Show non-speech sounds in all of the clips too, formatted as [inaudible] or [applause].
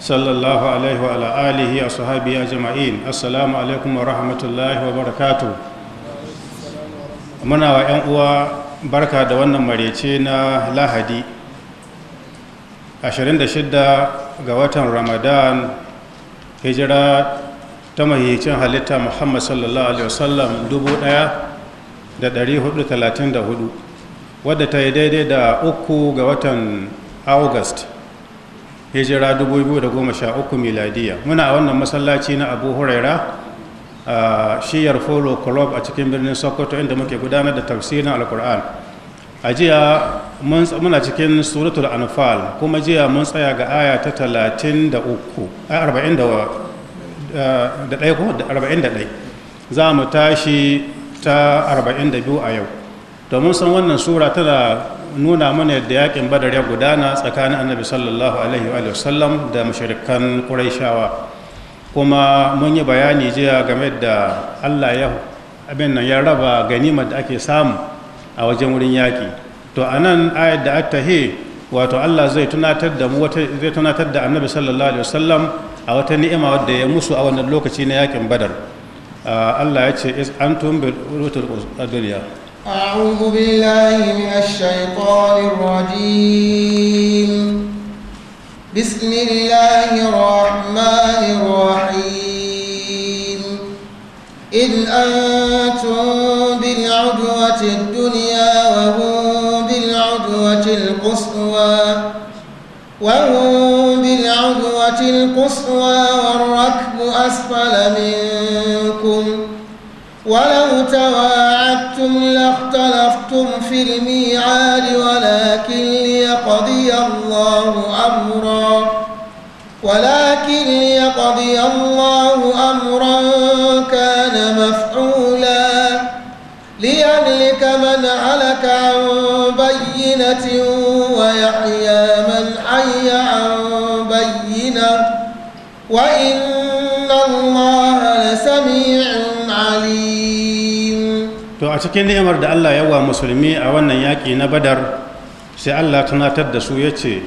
صلى الله عليه وعلى آله وصحبه أجمعين السلام عليكم ورحمة الله وبركاته muna wa 'yan uwa barka da wannan marece na lahadi 26 ga watan ramadan hijira ta mahicin halitta muhammad sallallahu alaihi wasallam 1434 wadda ta yi daidai da uku ga watan august hijira 2013 miladiya muna wannan masallaci na abu huraira a shiyar folo club a cikin birnin sokoto inda muke gudanar da tafsirin alkur'an a jiya muna cikin suratul anfal kuma jiya mun tsaya ga aya ta 33 za mu tashi ta 42 a yau domin san wannan sura tana nuna mana yadda yakin badar ya gudana tsakanin annabi sallallahu alaihi wa sallam da mashirikan ƙuraishawa kuma mun yi bayani jiya game da allah ya abin nan ya raba ganima da ake samu a wajen wurin yaƙi to a nan ayar da attahe wato allah zai tunatar da mu zai tunatar da annabi sallallahu alaihi wasallam a wata ni'ima wadda ya musu a wannan lokaci na yakin badar ah, allah ya ce is antum bil rutul adunya أعوذ بالله من الشيطان الرجيم بسم الله الرحمن الرحيم إذ أنتم بالعدوة الدنيا وهم بالعدوة القصوى وهم بالعدوة القصوى والركب أسفل منكم ولو أنكم لاختلفتم في الميعاد ولكن ليقضي الله أمرا ولكن ليقضي الله أمرا كان مفعولا ليهلك من علك عن بينة a cikin ni'imar da Allah ya wa musulmi a wannan yaƙi na badar sai Allah tunatar da su ya ce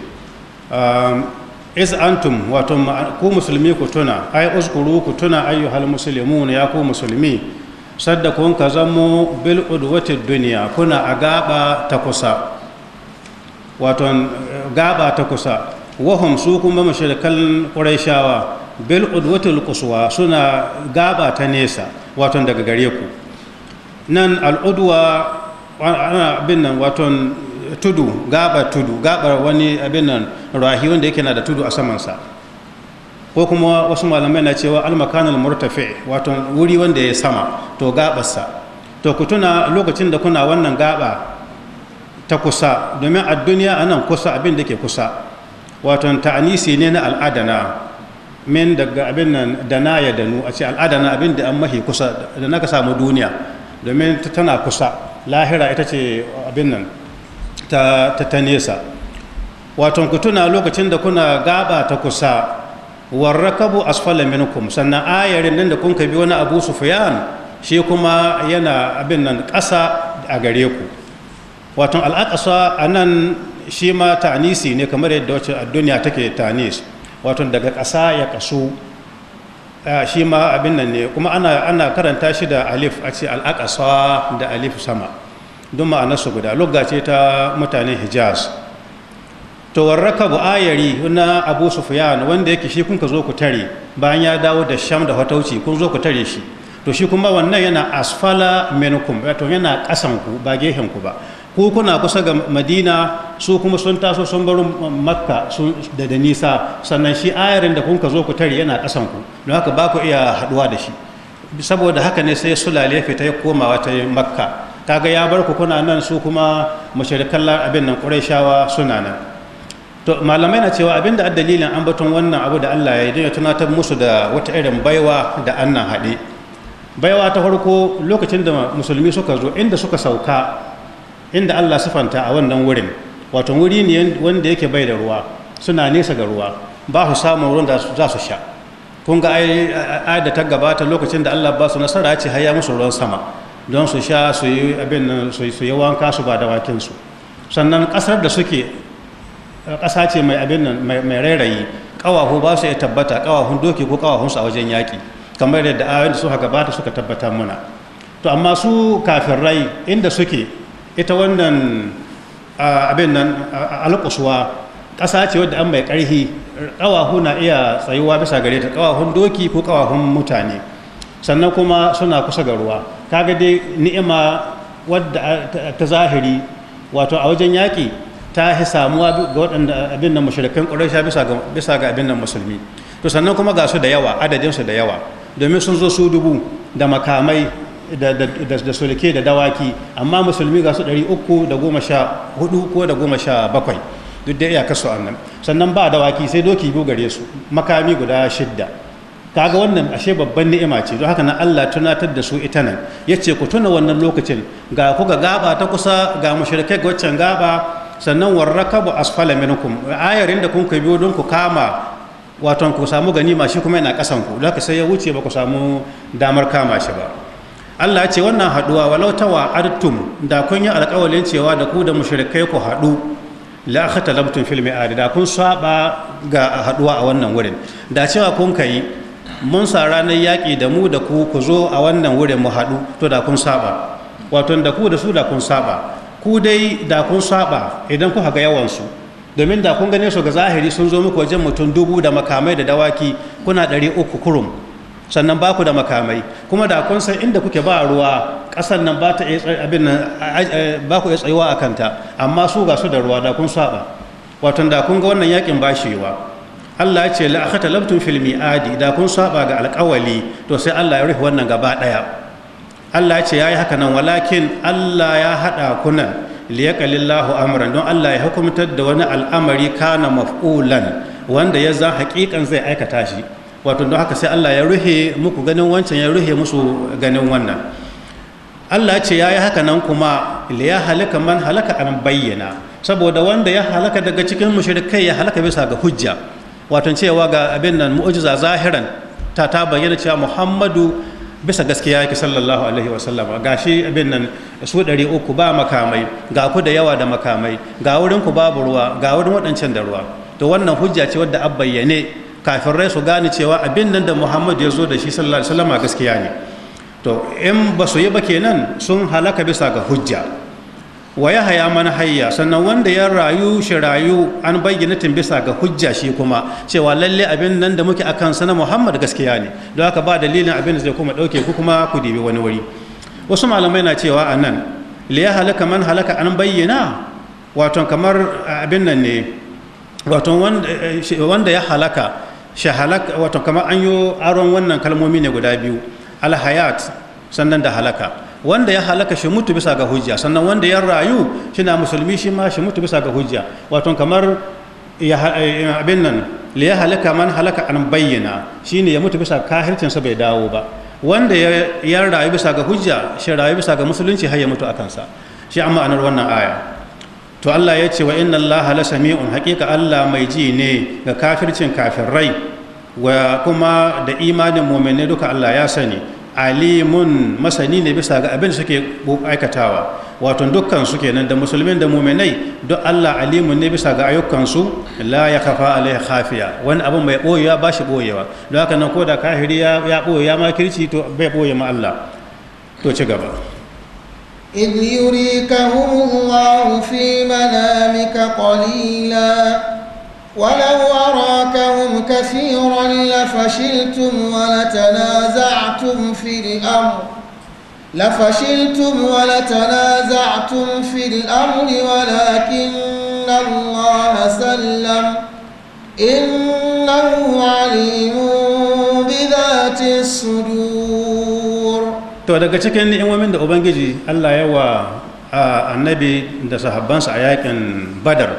is antum wato ku musulmi ku tuna ai uskuru ku tuna ayyuhal muslimun ya ku musulmi sadda kun ka zamo bil udwati duniya kuna a gaba ta kusa wato eh, gaba ta kusa wahum su kuma mashirkan qurayshawa bil udwatil quswa suna gaba ta nesa wato daga gare ku nan al'udwa ana abin nan waton tudu gaba tudu gabar wani abin nan rahi wanda yake na da tudu a samansa ko kuma wasu malamai na cewa almakanal murtafi waton wuri wanda ya sama to gabarsa to ku tuna lokacin da kuna wannan gaba ta kusa domin a duniya a nan kusa abin da ke kusa ta ta'anisi ne na al'adana min daga abin nan dana ya danu a ce al'adana abin da an mahi kusa da na ka samu duniya domin tana kusa lahira ita ce abin nan ta, nesa wato ku tuna lokacin da kuna gaba ta kusa warrakabu asfala minkum sannan ayarin nan da kun bi wani abu sufyan shi kuma yana abin nan ƙasa a gare ku wato al'aƙasa a nan shi ma tanisi ne kamar yadda wacce a duniya take ta'anis wato daga ƙasa ya ƙasu Ah, shi ma abin nan ne kuma ana karanta shi da alif a ce al'akasa da alif sama don ma'anarsu guda lugga ce ta mutanen hijaz to warraka bu ayari na abu sufyan wanda yake shi kun zo ku tare bayan ya dawo da sham da hotauci kun zo ku tare shi to shi kuma wannan yana asfala menukum wato yana kasan ku ba gehen ku ba ko kuna kusa ga madina su kuma sun taso sun baro makka da da nisa sannan shi ayarin da kunka zo ku tare yana kasan ku don haka ba ku iya haduwa da shi saboda haka ne sai sulale ya fita ya koma wata makka kaga ya bar ku kuna nan su kuma mushrikan abin nan ƙurayshawa suna nan to malamai na cewa abinda a dalilin ambaton wannan abu da Allah ya yi don ya tunatar musu da wata irin baiwa da annan haɗe baiwa ta farko lokacin da musulmi suka zo inda suka sauka inda Allah sufanta a wannan wurin wato wuri ne wanda yake bai da ruwa suna nesa ga ruwa ba su samun ruwan da za su sha kun ga ai da ta gabata lokacin da Allah ba su nasara ce har ya musu ruwan sama don su sha su yi abin nan su yi wanka su ba da su sannan kasar da suke kasa ce mai abin nan mai rairayi kawahu ba su iya tabbata kawahun doki ko kawahun a wajen yaƙi, kamar yadda ayoyin da suka gabata suka tabbata muna to amma su kafin rai, inda suke ita wannan abin nan alƙusuwa ƙasa ce wadda an mai ƙarhi ƙawahu na iya tsayuwa bisa gare ta ƙawahun doki ko ƙawahun mutane sannan kuma suna kusa ga ruwa kaga dai ni'ima wadda ta zahiri wato a wajen yaƙi ta fi samuwa ga waɗanda abin nan mashirikin ƙuraisha bisa ga abin nan musulmi to sannan kuma ga su da yawa adadin da yawa domin sun zo su dubu da makamai da sulke da dawaki amma musulmi ga su 314 ko da 17 duk da iyakar su annan sannan ba dawaki sai doki biyu gare su makami guda shidda ga wannan ashe babban ni'ima ce don haka nan Allah tunatar da su ita nan ya ce ku tuna wannan lokacin ga ku ga gaba ta kusa ga ga waccan gaba sannan warrakabu asfala minkum ayarin da kun kai biyo don ku kama waton ku samu ma shi kuma yana kasan ku don sai ya wuce ba ku samu damar kama shi ba Allah ce wannan haduwa walau artum da kun yi alƙawalin cewa da ku da mushrikai ku haɗu la khatalabtum fil mi'ad da kun saba ga haduwa a wannan wurin da cewa kun kai mun sa ranar yaƙi da mu da ku ku zo a wannan wurin mu haɗu to da kun saba wato da ku da su da kun saba ku dai da kun saba idan ku haga yawansu domin da kun gane su ga zahiri sun zo muku wajen mutum dubu da makamai da dawaki kuna ɗari uku kurum sannan ba ku da makamai kuma da kun san inda kuke ba ruwa ƙasar nan ba ta abin nan ba ku tsayuwa a kanta amma su ga su da ruwa da kun saba wato da kun ga wannan yakin ba shi Allah ya ce la akhata labtum fil mi'adi da kun saba ga alƙawali to sai Allah ya rufe wannan gaba ɗaya. Allah ya ce yayi haka nan walakin Allah ya hada kunan liyaqalillahu amran don Allah ya hukumtar da wani al'amari kana maf'ulan wanda ya za haƙiƙan zai aikata shi wato don haka sai Allah ya ruhe muku ganin wancan ya ruhe musu ganin wannan Allah ce ya yi haka nan kuma ya halaka man halaka an bayyana saboda wanda ya halaka daga cikin mushrikai ya halaka bisa ga hujja wato cewa ga abin nan mu'jiza zahiran ta ta bayyana cewa Muhammadu bisa gaskiya yake sallallahu alaihi wasallam ga abin nan su ɗari uku ba makamai ga ku da yawa da makamai ga wurin ku babu ruwa ga wurin waɗancan da ruwa to wannan hujja ce wadda an bayyane kafin su gane cewa abin nan da muhammadu ya zo da shi sallallahu alaihi wasallam gaskiya ne to in ba su yi ba kenan sun halaka bisa ga hujja wa ya haya mana hayya sannan wanda ya rayu shi rayu an bayyana tun bisa ga hujja shi kuma cewa lalle abin nan da muke akan sana muhammad gaskiya ne don haka ba dalilin abin da zai kuma dauke ku kuma ku dibi wani wuri wasu malamai na cewa a nan li ya halaka man halaka an bayyana wato kamar abin nan ne wato eh, wanda ya halaka shahalak wato kamar an yi aron wannan kalmomi ne guda biyu alhayat sannan da halaka wanda ya halaka shi mutu bisa ga hujja sannan wanda ya rayu shi na musulmi shi ma shi mutu bisa ga hujja wato kamar eh, abin nan li ya halaka man halaka an bayyana shi ne ya mutu bisa sa bai dawo ba wanda ya rayu bisa ga hujja shi rayu bisa ga musulunci har ya mutu a kansa shi an ma'anar wannan aya to Allah ya ce wa inna Allah la sami'un haqiqa Allah mai ji ne ga kafircin kafirai wa kuma da imanin muminai duka Allah ya sani alimun masani ne bisa ga abin suke aikatawa wato dukkan su kenan da musulmin da muminai duk Allah alimun ne bisa ga su la ya kafa alai khafiya wani abin mai boyewa ba shi boyewa don haka nan ko da kafiri ya boye ya makirci to bai boye ma Allah to ci gaba إذ يريكهم الله في منامك ولو أراكهم كثيرا لفشلتم ولتنازعتم في الأمر لفشلتم ولتنازعتم في الأمر ولكن الله سلم إنه عليم بذات الصدور to daga cikin ni'imomin da ubangiji Allah ya wa annabi da sahabbansa a yakin badar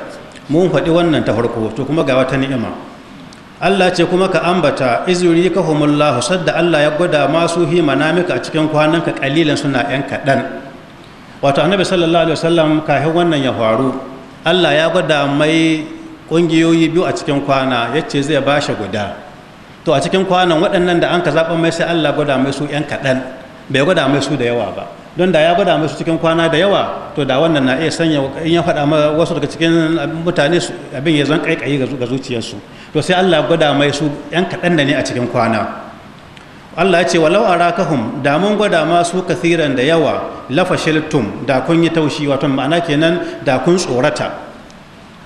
mun faɗi wannan ta farko to kuma ga wata ni'ima Allah ce kuma ka ambata izuri ka humullahu sadda Allah ya gwada masu hi manamika a cikin kwananka kalilan suna yan kaɗan wato annabi sallallahu alaihi wasallam kafin wannan ya faru Allah ya gwada mai ƙungiyoyi biyu a cikin kwana yace zai bashi guda to a cikin kwanan waɗannan da an ka mai sai Allah gwada mai su yan kaɗan bai gwada mai su da yawa ba don da ya gwada musu cikin kwana da yawa to da wannan na iya sanya in ya faɗa wasu daga cikin mutane su abin ya zan kaikayi ga zuciyarsu to sai Allah gwada mai su yan kaɗan da ne a cikin kwana Allah ya ce walau arakahum da mun gwada ma su kathiran da yawa lafashiltum da kun yi taushi wato ma'ana kenan da kun tsorata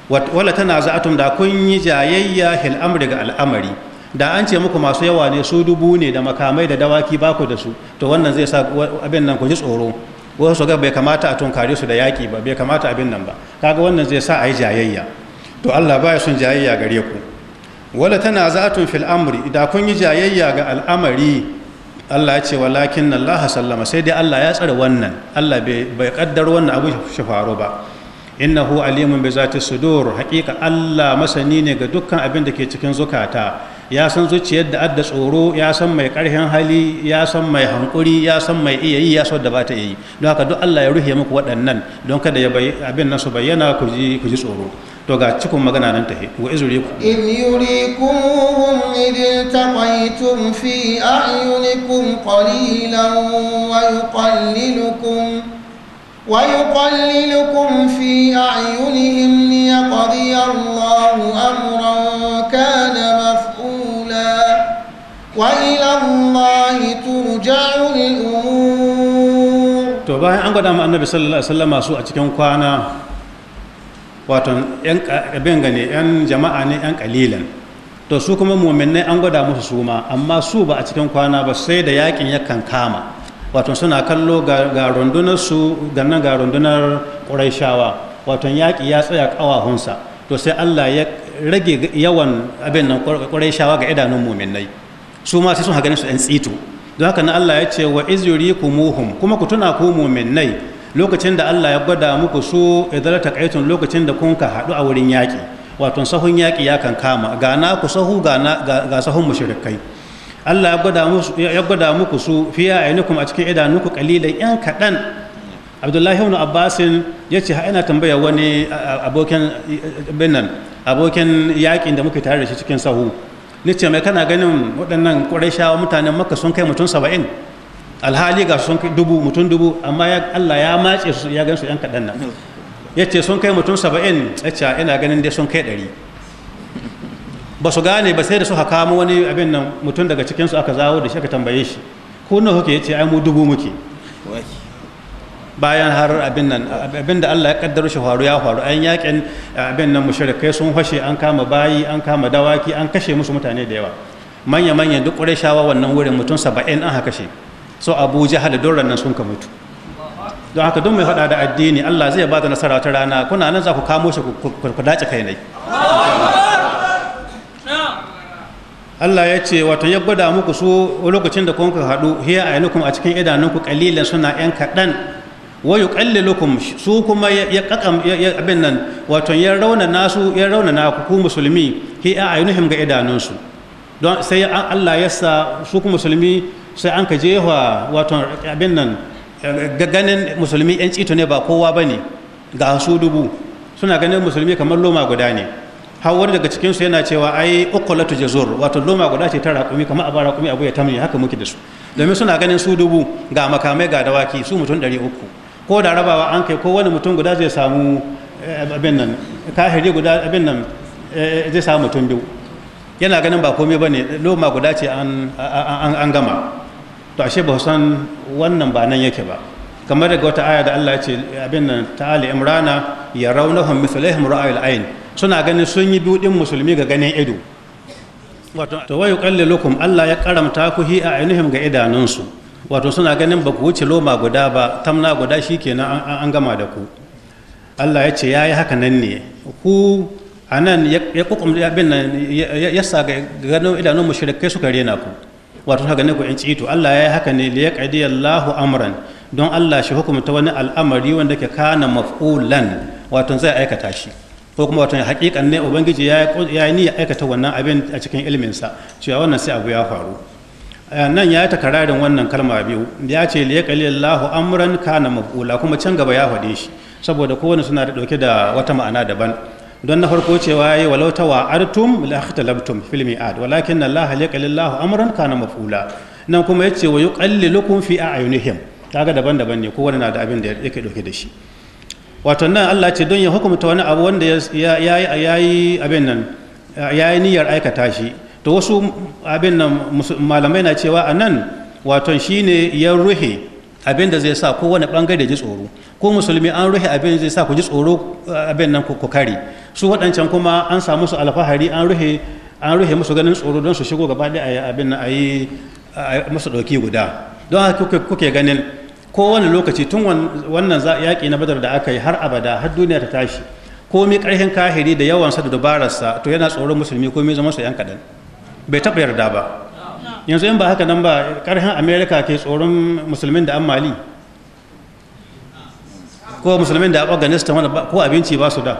wala tana za'atum da kun yi jayayya hil amri ga al'amari da an ce muku masu yawa ne su dubu ne da makamai da dawaki baku da su to wannan zai sa abin nan ku ji tsoro wasu su ga bai kamata a tunkare su da yaki ba bai kamata abin nan ba kaga wannan zai sa a yi jayayya to Allah baya son jayayya gare ku wala tana zatun fil amri da kun yi jayayya ga al'amari Allah ya ce walakin Allah sallama sai dai Allah ya tsare wannan Allah bai kaddar wannan abu shi faru ba innahu alimun bi zati sudur haqiqa Allah masani ne ga dukkan abin da ke cikin zukata ya san zuciyar da adda tsoro ya san mai karhin hali ya san mai hankuri ya san mai iya yi ya san da ba ta yi don haka duk Allah ya ruhe muku waɗannan don kada ya bai abin nasu su bayyana ku ji tsoro to ga cikin magana nan tahe wa ku in yurikumuhum idh taqaytum fi a'yunikum qalilan wa yuqallilukum ويقللكم في أعينهم ليقضي to bayan an gwada ma annabi sallallahu alaihi su a cikin kwana watan yan gane yan jama'a ne yan kalilan to su kuma muminnai an gwada musu su ma amma su ba a cikin kwana ba sai da yakin yakan kama wato suna kallo ga rundunar su gannan ga rundunar ƙuraishawa wato yaƙi ya tsaya ƙawahunsa to sai Allah ya rage yawan abin nan ƙuraishawa ga idanun muminnai su ma sai sun haganin su 'yan tsito don haka na Allah ya ce wa ku muhum kuma ku tuna ku mu'minnai lokacin da Allah ya gwada muku su ta kaitun lokacin da kun ka haɗu a wurin yaƙi wato sahun yaƙi ya kan kama ga na ku sahu ga na ga sahun mushrikai Allah ya gwada muku ya gwada muku su fiya ainukum a cikin idanunku kalilan yan kaɗan Abdullahi ibn Abbas ya ce ina tambaya wani abokin binnan abokin da muke tare da shi cikin sahu ni ce mai kana ganin waɗannan shawar mutanen maka sun kai mutum saba'in alhali ga sun kai dubu mutum dubu amma allah ya matse su ya gan su yan kaɗan nan ya ce sun kai mutum saba'in ya ce ina ganin dai sun kai ɗari ba su gane ba sai da su mu wani abin nan mutum daga cikinsu aka zawo da shi aka tambaye shi ko nawa kuke ya ce ai mu dubu muke bayan har abin nan abin da Allah ya kaddaro shi faru ya faru an yakin abin nan mushrikai sun fashe an kama bayi an kama dawaki an kashe musu mutane da yawa manya manya duk shawa wannan wurin mutum saba'in an haka shi so Abu Jahal don nan sun ka mutu don haka don mai faɗa da addini Allah zai ba da nasara ta rana kuna nan za ku kamo shi ku dace kai ne Allah ya ce wato ya gwada muku su lokacin da kun ka haɗu hiya a a cikin idanunku kalilan suna 'yan kaɗan wa yuqallilukum su kuma ya kakam abin nan wato ya rauna nasu ya rauna na ku musulmi hi a ayunuhum ga idanunsu don sai Allah ya sa su ku musulmi sai an ka jefa wato abin nan ganin musulmi yan cito ne ba kowa bane ga su dubu suna ganin musulmi kamar loma guda ne hawar daga cikinsu yana cewa ai ukulatu jazur wato loma guda ce ta raƙumi kamar abara raƙumi abu ya tamni haka muke da su domin suna ganin su dubu ga makamai ga dawaki su mutum ɗari uku ko da rabawa an kai ko wani mutum guda zai samu eh, abin nan kahiri guda abin nan eh, zai samu mutum biyu yana ganin ba komai ba ne loma guda ce an gama to ashe ba san wannan ba nan yake ba kamar daga wata aya da Allah ce abin nan ta Ali Imrana ya raunahum mithlaihim ra'ayil ayn suna ganin sun yi biyu din musulmi ga ganin ido wato to wayu qallalukum Allah ya karamta ku hi a ainihim ga idanunsu wato suna ganin ba ku wuce loma guda ba tamna guda shi kenan an gama da ku allah ya ce ya yi haka nan ne ku a nan ya kukum bin nan ya sa ganin idanun mushrikai suka rena ku wato haka ne ku in cito allah ya yi haka ne liya kadi allahu amran don allah shi hukumta wani al'amari wanda ke kana maf'ulan wato zai aikata shi ko kuma wato hakikan ne ubangiji ya yi ya aikata wannan abin a cikin ilminsa cewa wannan sai abu ya faru Eh, nan ya yi takararin wannan kalma biyu ya ce liya Allahu amran kana maf'ula kuma can gaba ya faɗe shi saboda kowane suna da ɗauke da wata ma'ana daban don na farko cewa ya yi walauta wa artum la labtum filmi ad walakin Allah liya Allahu amran kana maf'ula nan kuma ya ce wa lukun fi a'yunihim kaga daban-daban ne kowane na da abin da yake ɗauke da shi wato nan Allah ce don ya hukumta wani abu wanda ya yi ya yi niyyar aikata shi to wasu abin nan malamai na cewa a nan waton shine ya ruhe abin da zai sa kowane bangare da ji tsoro ko musulmi an ruhe abin zai sa ku ji tsoro eh, abin nan ku kare su waɗancan kuma an samu su alfahari an ruhe an ruhe musu ganin tsoro don su shigo gaba ɗaya abin nan a yi musu ɗauki guda don haka kuke ganin kowane lokaci tun wannan yaƙi na badar da aka yi har abada har duniya ta tashi komi ƙarfin kahiri da sa da dubararsa to yana tsoron musulmi komi zama su yan kaɗan bai taɓa yarda ba yanzu in ba haka nan ba ƙarfin amerika ke tsoron musulmin da an mali ko musulmin da afghanistan wanda ko abinci ba su da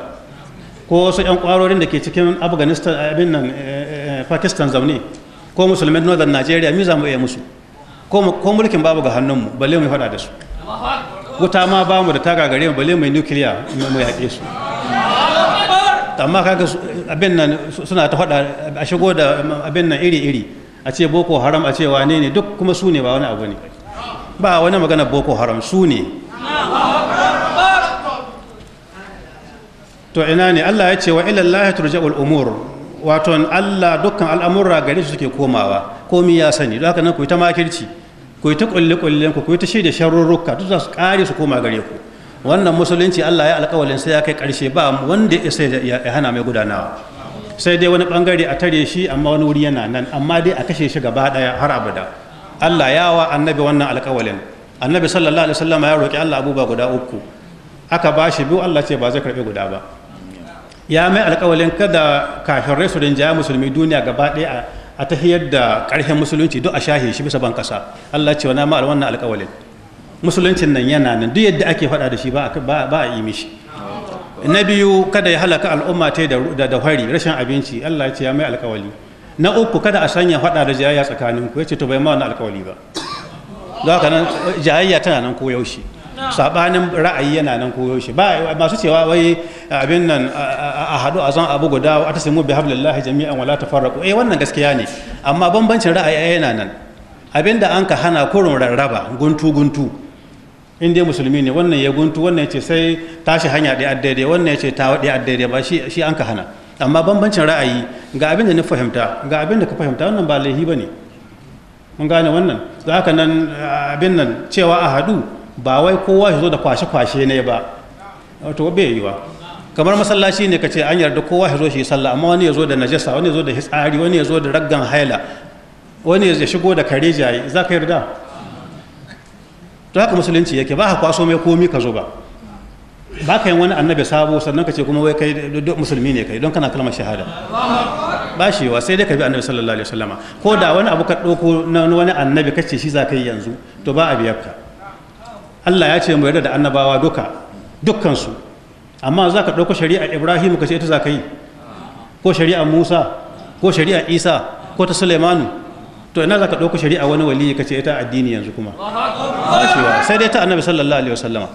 ko wasu 'yan kwarorin da ke cikin afghanistan abin nan eh, eh, eh, pakistan zaune ko musulmin northern nigeria mi za mu iya musu ko mulkin babu ga hannunmu balle mu faɗa da su wuta ma ba mu da ta gagare mu balle mai nukiliya mu yaƙe su amma kaga abin nan suna ta fada a shigo da abin nan iri-iri a ce boko haram a ce wane ne duk kuma su ba wani abu ne ba wani magana boko haram su to ina ne Allah ya ce wa ilallahi turja'ul umur wato Allah dukkan al'amurra gare su suke komawa komi ya sani don haka nan ku ta makirci ku yi ta kulle kullen ku ku ta shaida sharurruka duk za su kare su koma gare ku wannan musulunci Allah ya alƙawalin sai ya kai ƙarshe ba wanda ya sai ya hana mai gudanawa sai dai wani bangare a tare shi amma wani wuri yana nan amma dai a kashe shi gaba daya har abada Allah ya wa annabi wannan alƙawalin annabi sallallahu alaihi wasallam ya roki Allah abubuwa guda uku aka ba shi biyu Allah ce ba zai karbi guda ba ya mai alƙawalin kada kafirai su rinjaya musulmi duniya gaba daya a tahiyar da ƙarshen musulunci duk a shahe shi bisa ban kasa Allah ce wa na ma wannan alƙawalin musuluncin nan yana nan duk yadda ake faɗa da shi ba a yi mishi na biyu kada ya halaka al'umma ta da da hari rashin abinci Allah ya ce ya mai alkawali na uku kada a sanya faɗa da jayayya tsakanin ku yace to bai ma wannan alkawali ba don haka nan jayayya tana nan ko yaushe sabanin ra'ayi yana nan ko yaushe ba masu cewa wai abin nan a hadu a zan abu guda a tasimu bi hablillahi jami'an wala tafarraqu eh wannan gaskiya ne amma bambancin ra'ayi yana nan abinda an ka hana kurun rarraba guntu guntu in dai musulmi ne wannan ya guntu wannan ya ce sai tashi hanya ɗaya daidai wannan ya ce ta ɗaya daidai ba shi an ka hana amma bambancin ra'ayi ga abin da na fahimta ga abin da ka fahimta wannan ba laihi ba ne mun gane wannan za haka nan abin nan cewa a haɗu ba wai kowa shi zo da kwashe-kwashe ne ba wato bai yiwa kamar masallaci ne ka ce an yarda kowa shi zo shi sallah amma wani ya zo da najasa wani ya zo da hitsari wani ya zo da raggan haila wani ya shigo da kare jaye za ka yarda to haka musulunci yake ba ka kwaso mai komi ka zo ba ba ka yin wani annabi sabo sannan ka ce kuma wai kai musulmi ne kai don kana kalmar shahada ba shi wa sai dai ka bi annabi sallallahu alaihi wasallama ko da wani abu ka ɗauko na wani annabi ka ce shi za ka yi yanzu to ba a biyar ka Allah ya ce mu yarda da annabawa duka dukkansu amma za ka ɗauko shari'a Ibrahim ka ce ita za ka yi ko shari'a Musa ko shari'a Isa ko ta Sulaimanu to ina za ka ɗauka shari'a wani waliyi ka ce ita addini yanzu kuma sai dai ta annabi sallallahu alaihi wasallama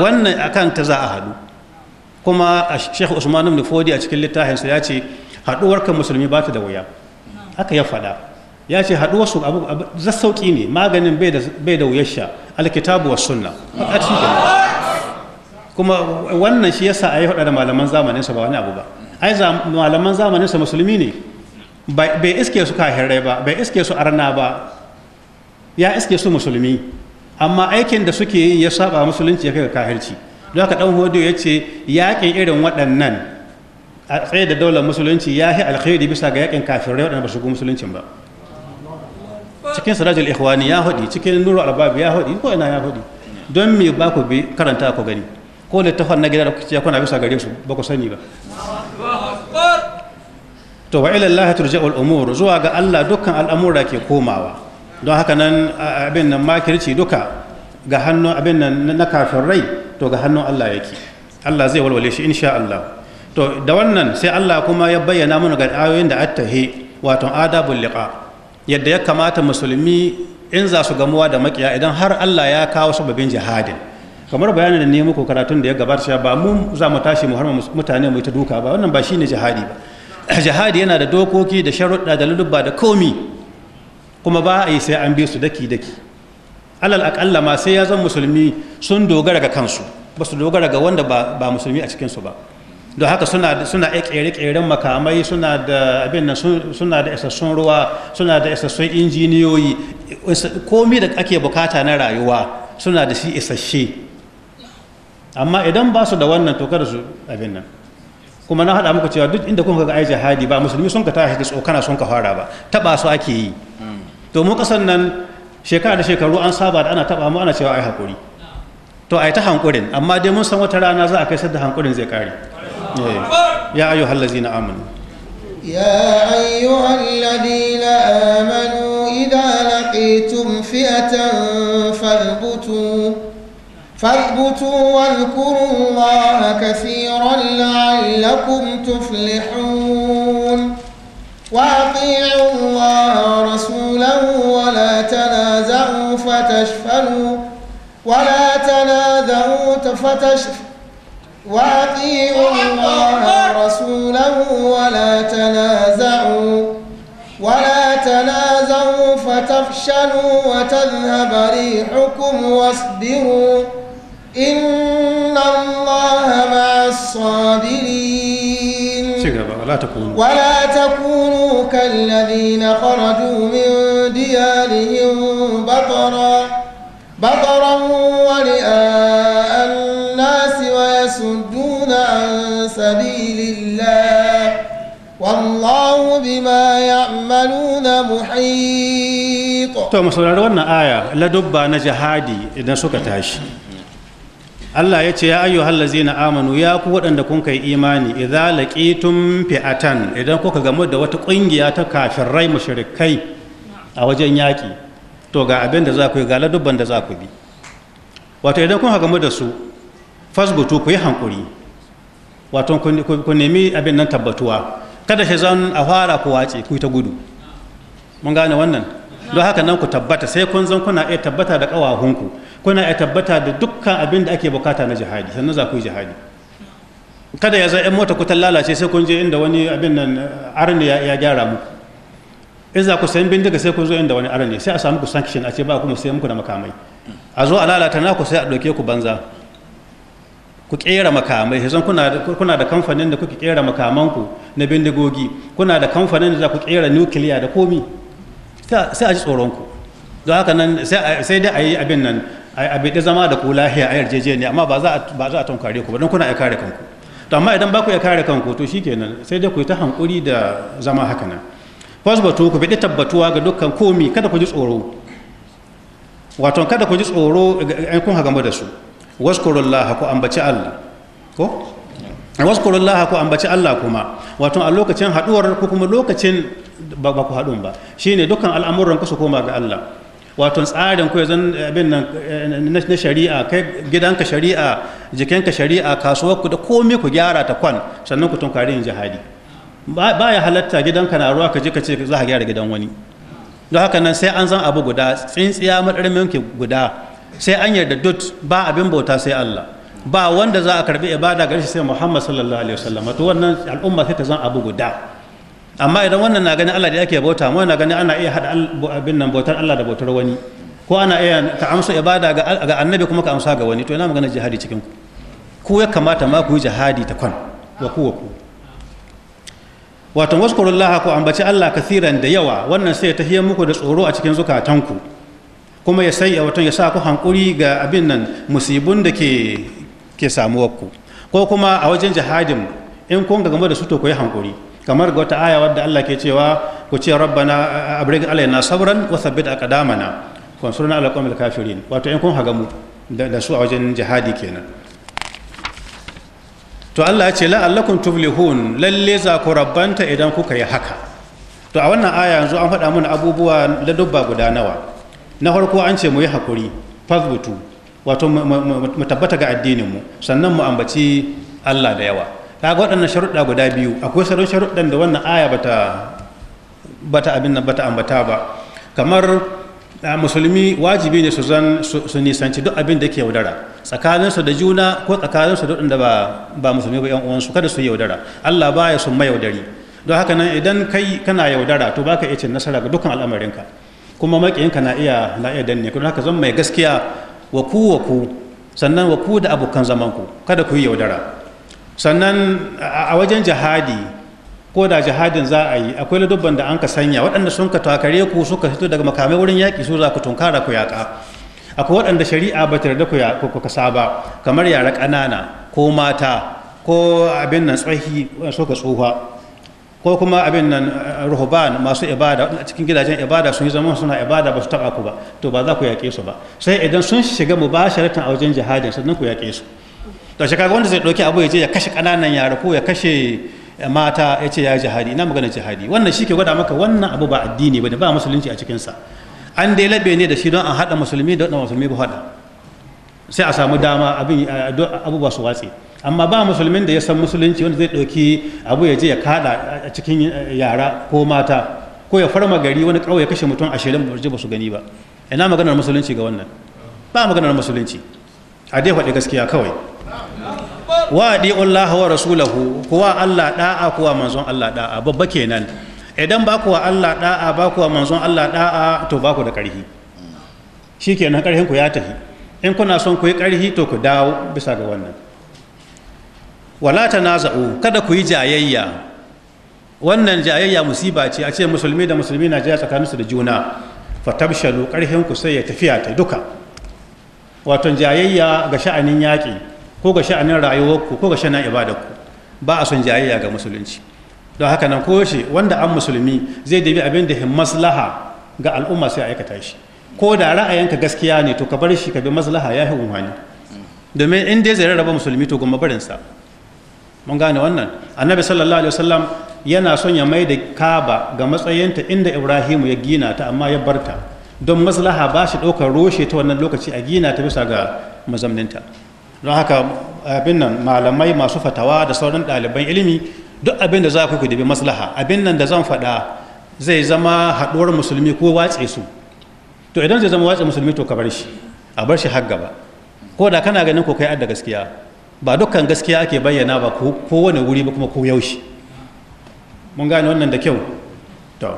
wannan akan ta za a haɗu kuma a shekhu usman ibn fodi a cikin littafinsa ya ce haɗuwar kan musulmi ba ta da wuya haka ya faɗa ya ce haɗuwar su abu sauƙi ne maganin bai da wuyar sha alkitabu wa sunna kuma wannan shi yasa a yi faɗa da malaman zamaninsa ba wani abu ba ai malaman zamaninsa musulmi ne bai iske su kahirai ba bai iske su arna ba ya iske su musulmi amma aikin da suke yi ya saba musulunci ya kai ga kahirci don haka dan hodo ya ce yakin irin waɗannan a tsaye da daular musulunci ya yi alkhairi bisa ga yakin kafirai waɗanda ba su gu musuluncin ba cikin sirajul ikhwani ya hudi cikin nuru albabi ya hudi ko ina ya hudi don me ba ku bi karanta ku gani ko littafin na gida da kuke kuna bisa gare su ba ku sani ba to wa ilallahi turja'ul umur zuwa ga Allah dukkan al'amura ke komawa don haka nan abin nan makirci duka ga hannun abin nan na kafin rai to ga hannun Allah yake Allah zai walwale shi insha Allah to da wannan sai Allah kuma ya bayyana mana ga ayoyin da attahi wato adabul liqa yadda ya kamata musulmi in za su gamuwa da makiya idan har Allah ya kawo sababin jihadin kamar bayanin da ne muku karatun da ya gabata ba mu za mu tashi mu harma mutane mu ta duka ba wannan ba shine jihadi ba jihadi yana da dokoki da sharuɗa da lulubba da komi kuma ba a yi sai an bi su daki-daki alal akalla ma sai ya zan musulmi sun dogara ga kansu ba su dogara ga wanda ba musulmi a cikinsu ba don haka suna suna ƙere-ƙeren makamai suna da abin nan suna da isassun ruwa suna da isassun injiniyoyi komi da ake bukata na rayuwa suna da shi isasshe amma idan ba su da wannan to kada su abin nan kuma na haɗa muku cewa duk inda kun ga ai hadi ba musulmi sun ka tashi da tsokana sun ka fara ba taba su ake yi to mu kasan nan shekara da shekaru an saba da ana taba mu ana cewa ai hakuri to ai ta hankurin amma dai mun san wata rana za a kai sadda hankurin zai kare ya ayu ladzina amanu ya ayu الذين amanu idan laqitum fi'atan فاثبتوا فاثبتوا واذكروا الله كثيرا لعلكم تفلحون واطيعوا الله ورسوله ولا تنازعوا فتشفلوا ولا تنازعوا فتشفلوا وأطيعوا الله ورسوله ولا تنازعوا ولا تنازعوا فتفشلوا وتذهب ريحكم واصبروا إن الله مع الصابرين ولا تكونوا ولا تكونوا كالذين خرجوا من ديارهم بطرا بطرا ورئاء الناس ويصدون عن سبيل الله والله بما يعملون محيط. تو مسؤول wannan آية لا na jihadi idan suka Allah ya ce ya ayyu na amanu ya ku waɗanda kun kai imani idza laqitum fi'atan idan kuka gamu da wata ƙungiya ta kafirai mushrikai a wajen yaƙi to ga abin da za ku yi ga ladubban da za ku bi wato idan kun gamu da su fasbutu ku yi hankuri wato ku nemi abin nan tabbatuwa kada shi zan a fara ku wace ku ta gudu mun gane wannan don haka nan ku tabbata sai kun zan kuna iya tabbata da ƙawahunku kuna iya tabbata da dukkan abin da ake bukata na jihadi sannan za ku yi jihadi kada ya zo yan mota ku ta lalace sai kun je inda wani abin nan eh, arni ya gyara muku in za ku sayan bindiga sai kun zo inda wani arni sai a samu ku sanction a ce ba mu sai muku da makamai a zo a lalata naku sai a ɗauke ku banza ku kera makamai sai kuna da kamfanin da kuke kera makamanku na bindigogi kuna da kamfanin da za ku kera nukiliya da komi sai a ji tsoronku don haka nan sai dai a yi abin nan a bi da zama da ku lahiya a yarjejeniya amma ba za a tunkare ku ba don kuna ya kare kanku to amma idan ba ku ya kare kanku to shi kenan sai dai ku yi ta hankuri da zama haka nan fasbatu ku bi tabbatuwa ga dukkan komi kada ku ji tsoro wato kada ku ji tsoro in kun ha game da su waskurullah ku ambaci Allah ko waskurullaha ku ambaci Allah kuma wato a lokacin haduwar ku kuma lokacin ba ku ba shine dukkan al'amuran ku su koma ga Allah wato tsarin ku zan abin nan na shari'a kai gidanka shari'a jikinka shari'a kasuwar ku da komai ku gyara ta kwan sannan ku tunkari yin jihadi ba ya halatta gidanka na ruwa ka je ka ce za ka gyara gidan wani don haka nan sai an zan abu guda tsintsiya madarmin guda sai an yarda dut ba abin bauta sai Allah ba wanda za a karbi ibada gare shi sai Muhammad sallallahu alaihi wasallam to wannan al'umma sai ta zan abu guda amma idan wannan na gani Allah da yake bauta mu na gani ana iya hada abin nan bautar Allah da bautar wani ko ana iya ka amsa ibada ga annabi kuma ka amsa ga wani to ina magana jihadi cikin ku ku ya kamata ma ku yi jihadi ta kwan wa ku wa ku wato waskurullaha ku ambaci Allah kathiran da yawa wannan sai ta hiyar muku da tsoro a cikin zukatanku kuma ya sai wato ya sa ku hankuri ga abin nan musibun da ke ke samuwar ku ko kuma a wajen jihadin in kun ga game da su to ku yi hankuri kamar ga wata aya wadda Allah ke cewa ku ce rabbana abrig alaina sabran wa thabbit aqdamana wansurna ala qawmil kafirin wato in kun haga mu da su a wajen jihadi kenan to Allah ya ce la'allakum tuflihun lalle za ku rabbanta idan kuka yi haka to a wannan aya yanzu an faɗa mana abubuwa da dubba guda nawa na farko an ce mu yi hakuri fazbutu wato mu tabbata ga mu sannan mu ambaci Allah da yawa kaga waɗannan sharuɗa guda biyu akwai sauran sharuɗan da wannan aya bata bata abin nan bata ambata ba kamar musulmi wajibi ne su zan su nisanci duk abin da ke yaudara tsakaninsu da juna ko tsakaninsu da waɗanda ba ba musulmi ba yan uwansu kada su yaudara Allah baya sun yaudari. don haka nan idan kai kana yaudara to baka iya cin nasara ga dukkan al'amarinka kuma maƙiyinka na iya na iya danne kuma haka zan mai gaskiya wa ku wa ku sannan wa ku da abokan zamanku kada ku yi yaudara sannan a wajen jihadi ko da jihadin za a yi akwai ladubban da an ka sanya waɗanda sun ka takare ku suka fito daga makamai wurin yaƙi su za ku tunkara ku yaƙa akwai waɗanda shari'a ba ta yarda ku ka saba kamar yara ƙanana ko mata ko abin nan tsohi suka tsufa ko kuma abin nan eh, ruhuban masu ibada cikin gidajen ibada sun yi zaman suna ibada ba su taba ku ba to ba za ku yaƙe su ba sai idan sun shiga mu ba mubasharatan a wajen jihadin sannan ku yaƙe su to shi wanda zai ɗauki abu ya je ya kashe ƙananan yara ko ya kashe eh, mata ya ce ya jihadi ina magana jihadi wannan shi ke gwada maka wannan abu ba addini ba ba musulunci a cikinsa an dai labe ne da shi don an haɗa musulmi da waɗanda musulmi ba haɗa sai a samu dama abin eh, abubuwa su watse amma ba musulmin da ya san musulunci wanda zai ɗauki abu ya je ya kada a cikin yara ko mata ko ya farma gari wani ƙauye kashe mutum ashirin ba ji ba su gani ba ina maganar musulunci ga wannan ba maganar musulunci a dai faɗi gaskiya kawai wa di Allah wa rasulahu kuwa Allah da'a kuwa manzon Allah da'a babba kenan idan ba kuwa Allah da'a ba kuwa manzon Allah da'a to ba ku da ƙarfi shikenan ƙarfin ku ya tafi in kuna son ku yi ƙarfi to ku dawo bisa ga wannan wala tanaza'u kada ku yi jayayya wannan jayayya musiba ce a ce musulmi da musulmi na jaya tsakaninsu da juna fatabshalu karhin ku sai ya tafiya ta duka wato jayayya ga sha'anin yaƙi ko ga sha'anin rayuwarku ko ga sha'anin ibadarku ba a son jayayya ga musulunci don haka nan koyaushe wanda an musulmi zai dabi abin da maslaha ga al'umma sai a aikata shi ko da ra'ayinka gaskiya ne to ka bar shi ka bi maslaha ya fi umarni domin in dai zai rarraba musulmi to goma barinsa mun gane wannan annabi sallallahu alaihi wasallam yana son ya mai da kaba ga matsayinta inda ibrahimu ya gina ta amma ya barta don maslaha ba shi ɗaukar roshe ta wannan lokaci a gina ta bisa ga mazamninta don haka abin nan malamai masu fatawa da sauran ɗaliban ilimi duk abin da za ku bi maslaha abin nan da zan faɗa zai zama haɗuwar musulmi ko watse su to idan zai zama watse musulmi to ka bar shi a bar shi har gaba ko da kana ganin ko kai adda gaskiya ba dukkan gaskiya ake bayyana ba ko wani wuri ba kuma ko yaushe mun gane wannan da kyau to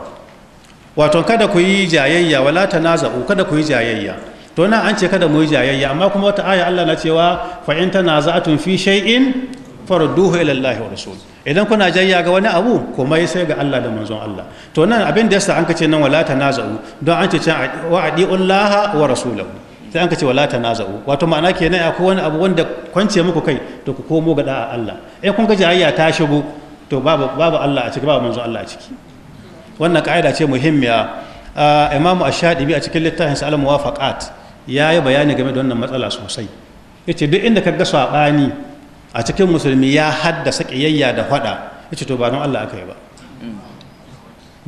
wato kada ku yi jayayya wala tanaza'u kada ku yi jayayya to nan an ce kada mu yi jayayya amma kuma wata aya Allah na cewa fa in tanaza'atun fi shay'in farduhu ila Allah wa rasul idan kuna jayayya ga wani abu komai sai ga Allah da manzon Allah to nan abin da yasa an ka ce nan wala tanaza'u don an ce wa'adi Allah wa rasulahu sai an ka ce wala tanaza'u wato ma'ana kenan akwai wani abu wanda kwance muku kai to ku komo ga da'a Allah eh kun ga jayayya ta shigo to babu babu Allah a ciki babu manzo Allah a ciki wannan ka'ida ce muhimmiya imam ash ashadibi a cikin littafin sa al-muwafaqat ya yi bayani game da wannan matsala sosai yace duk inda kaga sabani a cikin musulmi ya haddasa kiyayya da fada yace to ba don Allah aka yi ba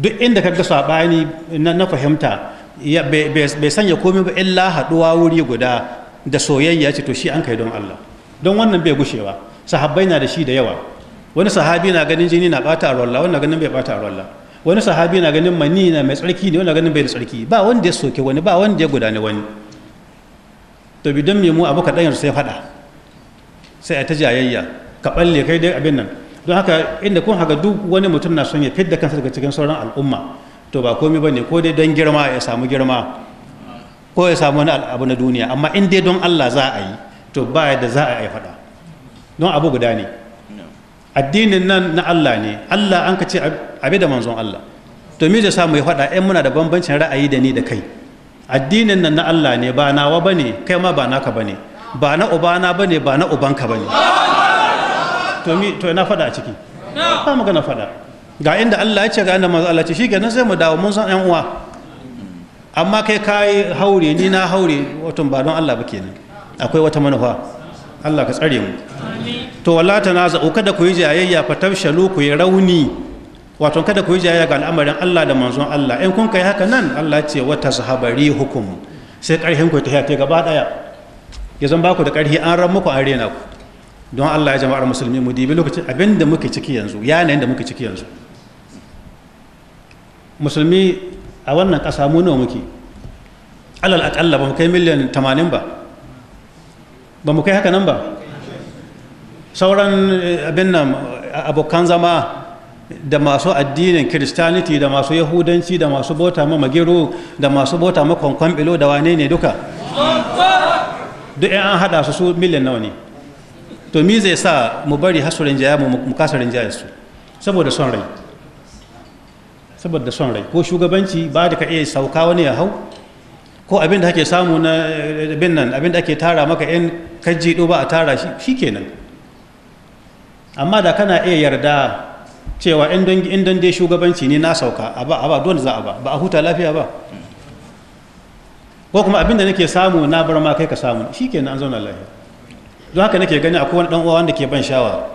duk inda kaga sabani na fahimta bai sanya komai ba illa haɗuwa wuri guda da soyayya ce to shi an kai don Allah don wannan bai gushewa sahabbai na da shi da yawa wani sahabi na ganin jini na bata a rolla wani ganin bai bata a rolla wani sahabi na ganin mani na mai tsarki ne wani ganin bai da tsarki ba wanda ya soke wani ba wanda ya gudane wani to bidan don mu abu kaɗan sai faɗa sai a ta jayayya ka ɓalle kai dai abin nan don haka inda kun haka duk wani mutum na son ya fidda kansa daga cikin sauran al'umma to ba komi ba ne ko dai don girma ya samu girma ko ya samu wani abu na duniya amma in dai don allah za a yi to ba yadda za a yi faɗa don abu guda ne addinin nan na allah ne allah an ka ce abi da manzon allah to mi zai samu ya faɗa in muna da bambancin ra'ayi da ni da kai addinin nan na allah ne ba nawa ba ne kai ma ba naka ba ne ba na ubana ba ne ba na ubanka ba ne to na faɗa a ciki ba magana faɗa ga inda Allah ya ce ga inda manzo Allah ce shikenan sai mu dawo mun san yan uwa amma kai ka yi haure ni na haure wato ba don Allah ba kenan akwai wata manufa Allah ka tsare mu to wala zaɓo kada ku yi jayayya fa tafshalu ku yi rauni wato kada ku yi jayayya ga al'amarin Allah da manzon Allah in kun kai haka nan Allah ce wata sahabari hukum sai karhin ku ta yafe gaba daya ya zan baku da karhi an ran muku an rena ku don Allah ya jama'ar musulmi mu dibi lokacin abinda muke ciki yanzu yanayin da muke ciki yanzu musulmi a wannan ƙasa mu nawa muke alal aƙalla ba mu kai miliyan 80 ba ba mu kai haka nan ba sauran eh, abin nan eh, abokan zama da masu addinin kiristaniti da masu yahudanci da masu bota ma magero da masu bota ma bilo da wane ne duka duk an haɗa su su miliyan nawa ne to mi zai sa mu bari hasurin jaya mu kasa rinjaya su saboda son rai saboda son rai ko shugabanci ba da ka iya sauka wani ya hau ko abin da ake samu na bin nan abin da ake tara maka yan kaji do ba a tara shi kenan. amma da kana iya yarda cewa in don dai shugabanci ne na sauka a ba a ba don za a ba ba a huta lafiya ba ko kuma abin da nake samu na bar ma kai ka samu shikenan an zauna lafiya don haka nake gani akwai wani dan uwa wanda ke ban shawa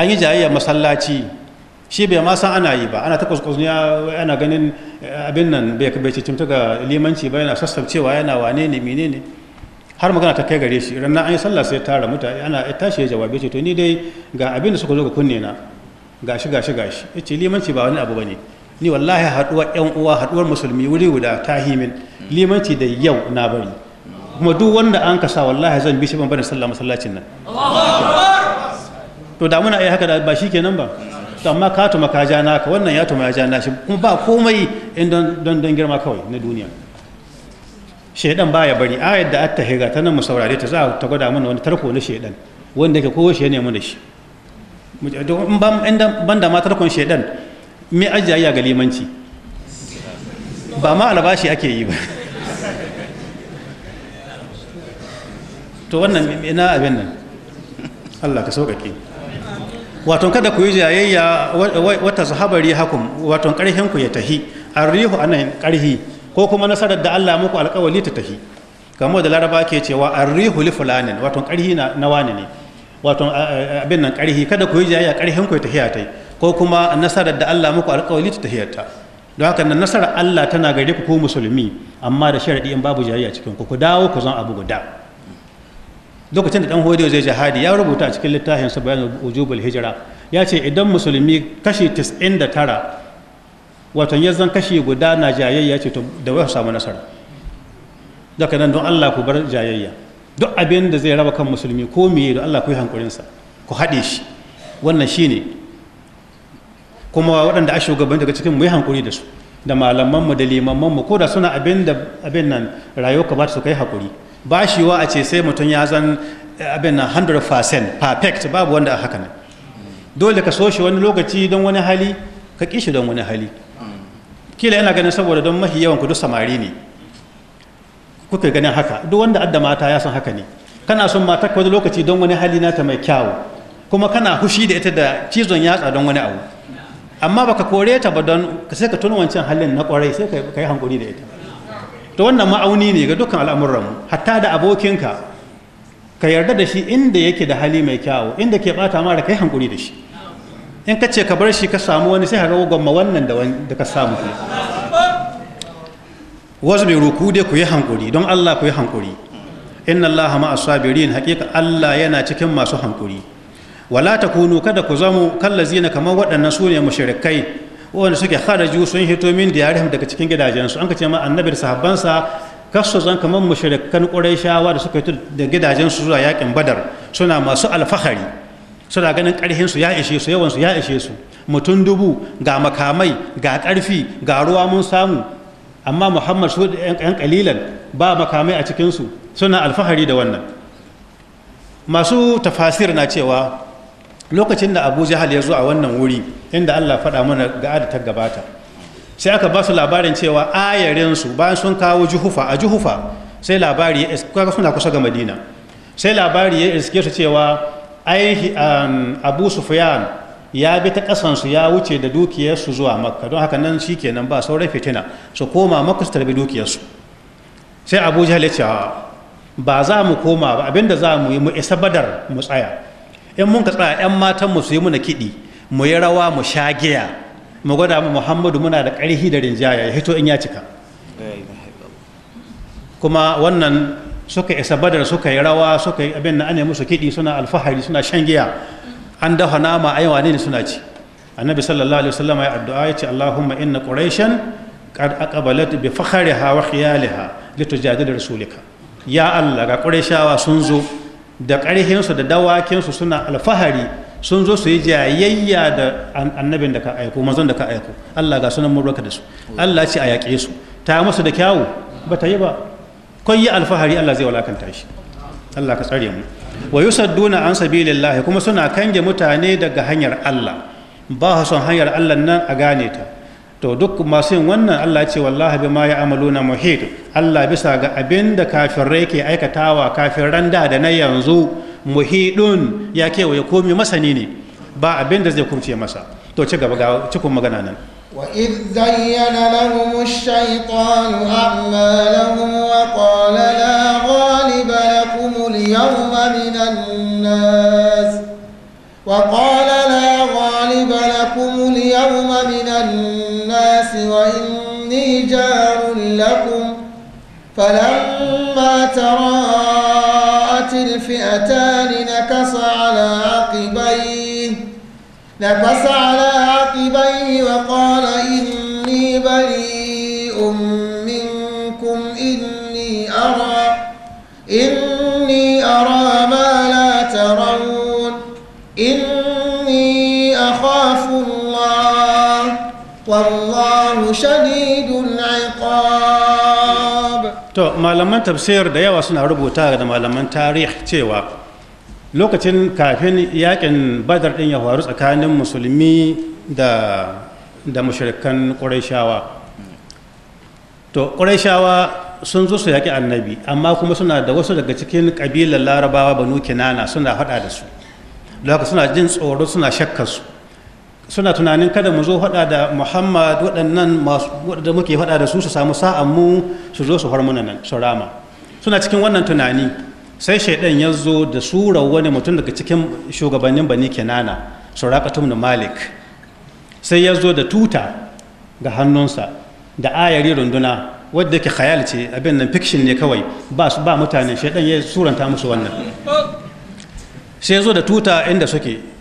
an yi jayayya masallaci shi bai ma san ana yi ba ana ta kuskusniya ana ganin eh, abin nan bai bai cicimta ga limanci ba yana cewa yana wane ne mene ne har magana ta kai gare shi ranar an yi sallah sai tara mutane ana ya tashi ya jawabe ce to ni dai ga abin da suka zo ga kunne na gashi gashi gashi ce limanci ba wani abu ba ne ni wallahi haduwar yan uwa haduwar musulmi wuri guda ta himin limanci da yau na bari kuma duk wanda an kasa wallahi zan bi shi ban bane sallah masallacin nan to da muna iya haka da ba shi kenan ba to amma ka tuma ka ja naka wannan ya tuma ya ja shi kuma ba komai in don girma kawai na duniya shaidan ya bari a da atta hira ta nan mu saurare ta za ta gwada mana wani tarko na shaidan wanda ke kowace ya nemi da shi ban da ma tarkon shaidan me ajiya ga limanci ba ma albashi ake yi ba to wannan ina abin nan Allah ka sauƙaƙe wato kada ku yi jayayya wata zahabari hakum wato karhin ku ya tahi arrihu anan karhi ko kuma nasarar da Allah muku alƙawali ta tahi kamar da laraba ke cewa arrihu li fulanin wato karhi na wani ne wato abin nan karhi kada ku yi jayayya karhin ku ya tahi tai ko kuma nasarar da Allah muku alƙawali ta ta don haka nan nasarar Allah tana gare ku ko musulmi amma da sharadi in babu jayayya cikin ku ku dawo ku zan abu guda lokacin da dan hodiyo zai jihadi ya rubuta a cikin littafin sa bayan wujubul hijira ya ce idan musulmi kashi 99 wato yanzan kashi guda na jayayya ce to da wai samu nasara daga nan don Allah ku bar jayayya duk abin da zai raba kan musulmi ko miye don Allah ku yi hankurin sa ku haɗe shi wannan shine kuma waɗanda a shugaban daga cikin mu yi hankuri da su da malamanmu da limamanmu ko da suna abin da abin nan rayuwa ka ba su kai hakuri ba shi wa a ce sai mutum ya zan eh, abin na 100% perfect babu wanda a haka dole ka so shi wani lokaci don wani hali ka ƙi shi don wani hali kila yana ganin saboda don mahi yawan duk samari ne kuka ganin haka duk wanda adda mata ya san haka ne kana son mata wani lokaci don wani hali ta mai kyawu kuma kana hushi da ita da cizon yatsa don wani abu amma baka kore ta ba don sai ka tuna wancan halin na kwarai sai ka yi hankuri da ita to wannan ma'auni ne ga dukkan al'amuranmu hatta da abokinka ka yarda da shi inda yake da hali mai kyawu inda ke bata mara kai hankuri da shi in ka ce ka bar shi ka samu wani sai harawa gwamma wannan da ka samu ku. wasu mai ruku dai ku yi hankuri don allah ku yi hankuri inna allaha ma'a sabirin haƙiƙa allah yana cikin masu hankuri wala takunu kada ku zamu kallazina kamar waɗannan su ne mushrikai wanda suke kharaju sun hito min diyarihim daga cikin gidajensu an ka ce ma annabi sahabbansa kasu zan kamar mushrikan qurayshawa da suka hito da gidajensu zuwa yakin badar suna masu alfahari suna ganin karhin su ya ishe su yawan su ya ishe su mutum dubu ga makamai ga karfi ga ruwa mun samu amma muhammad su yan kalilan ba makamai a cikinsu suna alfahari da wannan masu tafasir na cewa lokacin da abu jahal ya zo a wannan wuri inda allah faɗa mana ga ta gabata sai aka ba su labarin cewa ayarinsu bayan sun kawo juhufa a juhufa sai labari suna kusa ga madina sai labari ya iske su cewa um, abu sufyan ya bi ta kasansu ya wuce da dukiyarsu zuwa makka don haka nan shi kenan ba sauran fitina su koma makka su tarbi dukiyarsu sai abu jahal ya ce ba za mu koma ba abinda za mu yi mu isa badar mu tsaya in mun ka tsaya yan matan mu su yi muna kiɗi mu yi rawa mu sha giya mu gwada mu muhammadu muna da ƙarfi da rinjaya ya hito in ya cika kuma wannan suka isa badar suka yi rawa suka yi abin na ana musu kiɗi suna alfahari suna shan giya an dafa nama ai wane ne suna ci annabi sallallahu alaihi wasallam ya addu'a ya ce allahumma inna quraishan qad aqbalat bi fakhriha wa khiyaliha litujadila rasulika ya allah ga quraishawa sun zo da ƙarhinsu da dawakinsu suna alfahari sun zo su yi jayayya da annabin da ka aiko manzon da ka aiko Allah ga sunan murbarka da su Allah ce a yaƙe su ta musu da kyawu ba ta yi ba kun yi alfahari Allah zai walakanta shi Allah ka tsare mu wa yusadduna an sabilillahi kuma suna kange mutane daga hanyar Allah ba son hanyar Allah nan a gane ta to duk masu yin wannan Allah ce wallahi ma ya amalu na muhit Allah bisa ga abin da kafirai ke aikatawa kafiran da da na yanzu muhidun ya kewaye komi masani ne ba abin da zai kumce masa to ci gaba ga cikin magana nan وإذ زين لهم الشيطان أعمالهم وقال لا غالب لكم اليوم من الناس وقال فلما تراءت الفئتان نكص على عقبيه نكص على عقبيه وقال إني بريء منكم إني أرى إني أرى ما لا ترون إني أخاف الله والله شديد العقاب to malaman tafsir da yawa suna rubuta da malaman tarih cewa lokacin kafin yakin badar din ya faru tsakanin musulmi da da mushrikan ƙuraishawa to ƙuraishawa sun zo su yaƙi annabi amma kuma suna da wasu daga cikin ƙabilar larabawa banu kinana suna faɗa da su lokacin suna jin tsoro suna shakkar su suna tunanin kada mu zo faɗa da muhammad waɗannan waɗanda muke faɗa da su su samu sa'an mu su zo su harmuna nan su rama suna cikin wannan tunani sai shaidan ya zo da surar wani mutum daga cikin shugabannin bani kenana raka na malik sai ya zo da tuta ga hannunsa da ayari runduna wadda ke khayal ce abin nan fiction ne kawai ba ba mutane shaidan ya suranta musu wannan sai ya zo da tuta inda suke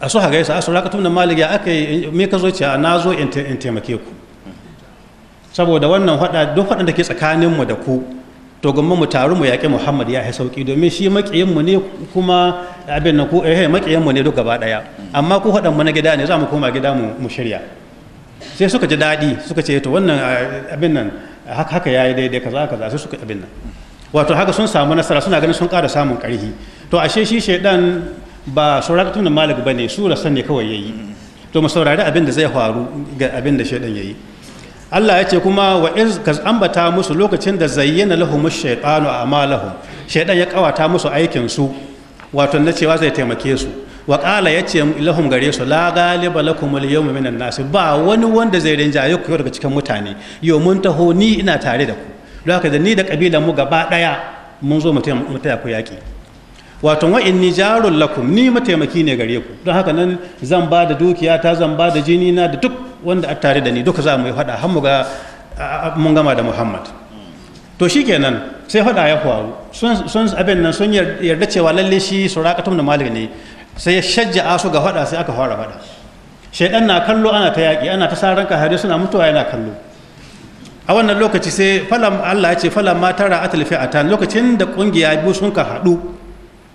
a su haga yasa asu rakatun da malik ya aka yi me ka zo ce na zo in taimake ku saboda wannan hada duk hada da ke tsakanin mu da ku to gumma mu taru mu yaƙi muhammad ya yi sauƙi domin shi maƙiyin mu ne kuma abin nan ku eh maƙiyin mu ne duk gaba daya amma ku faɗan mu na gida ne za mu koma gida mu shirya sai suka ji daɗi suka ce to wannan abin nan haka ya yi daidai kaza kaza sai suka abin nan wato haka sun samu nasara suna ganin sun ƙara samun ƙarfi to ashe shi shaidan ba sauratu tunan malik ba ne su da ne kawai yayi to mu saurari abin da zai faru ga abin da ya yayi Allah ya ce kuma wa iz kaz ambata musu lokacin da zayyana lahum ash-shaytanu a'malahum shaidan ya kawata musu aikin su wato na cewa zai taimake su wa qala ya ce lahum gare su la galiba lakum al minan nas ba wani wanda zai yau ku daga cikin mutane yau mun taho ni ina tare da ku don haka da ni da kabilan mu gaba daya mun zo mu taya ku yaki wato wa ni jarun lakum ni mataimaki ne gare ku don haka nan zan ba da dukiya ta zan ba da jini na da duk wanda a tare da ni duka za mu yi fada. har ga mun gama da muhammad to shikenan sai fada ya faru sun abin nan sun yarda cewa lalle shi suraqatum da malik ne sai ya shajja'a su ga fada sai aka fara faɗa shaidan na kallo ana ta yaki ana ta saran hare suna mutuwa yana kallo a wannan lokaci sai falam Allah ya ce falam ma tara atal fi'atan lokacin da kungiya biyu sun ka haɗu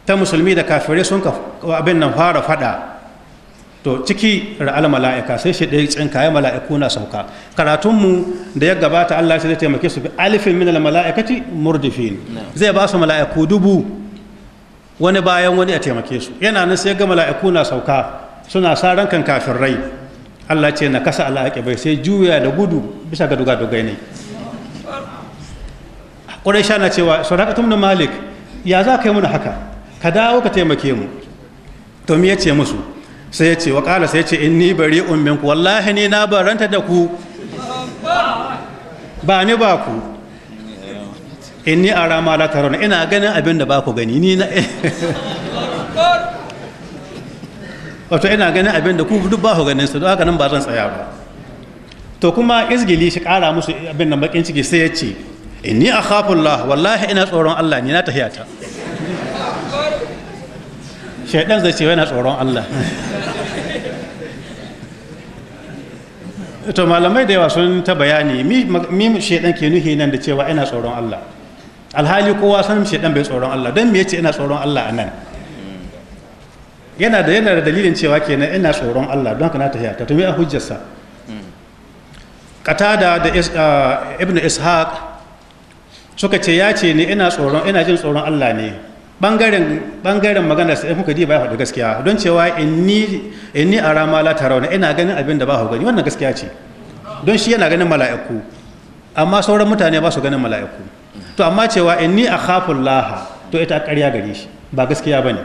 ta musulmi da kafirai sun ka abin nan fara fada to ciki ra'al mala'ika sai shi ɗaya tsinka ya mala'iku na sauka karatunmu da ya gabata Allah sai zai taimake su alifin min mala'ikati murdifin zai ba su mala'iku dubu wani bayan wani a taimake su yana nan sai ga mala'iku na sauka suna sa rankan kafirai Allah ce na kasa ala'aƙi bai sai juya da gudu bisa ga dugai ne ƙwarai sha na cewa sadaqatum na malik ya za ka yi mun haka ka dawo ka taimake mu to me yace musu sai yace wa kala sai yace inni bari'un ku wallahi ni na baranta da ku ba ni ba ku inni ara ma la tarona ina ganin abin da ba ku gani ni na [laughs] wato ina ganin abin da ku duk ba ku ganin su haka nan ba zan tsaya ba to kuma izgili shi kara musu abin nan bakin ciki sai ya ce inni akhafullah wallahi ina tsoron Allah ni na tahiyata shaidan zai ce yana tsoron Allah to malamai da yawa sun ta bayani mi shaidan ke nuhi nan da cewa ina tsoron Allah alhali kowa san shaidan bai tsoron Allah don me yace ina tsoron Allah a nan yana da yana da dalilin cewa kenan ina tsoron Allah don kana ta hiyata to me a hujjarsa qatada da ah, ibnu ishaq suka ce ya ce ne ina tsoron ina jin tsoron Allah ne bangaren bangaren magana sai kuka diba ya faɗi gaskiya don cewa ni a rama la tarawna ina ganin abin da ba ku gani wannan gaskiya ce don shi yana ganin mala'iku amma sauran mutane ba su ganin mala'iku to amma cewa in ni a khafun laha, to ita ƙarya gare shi ba gaskiya bane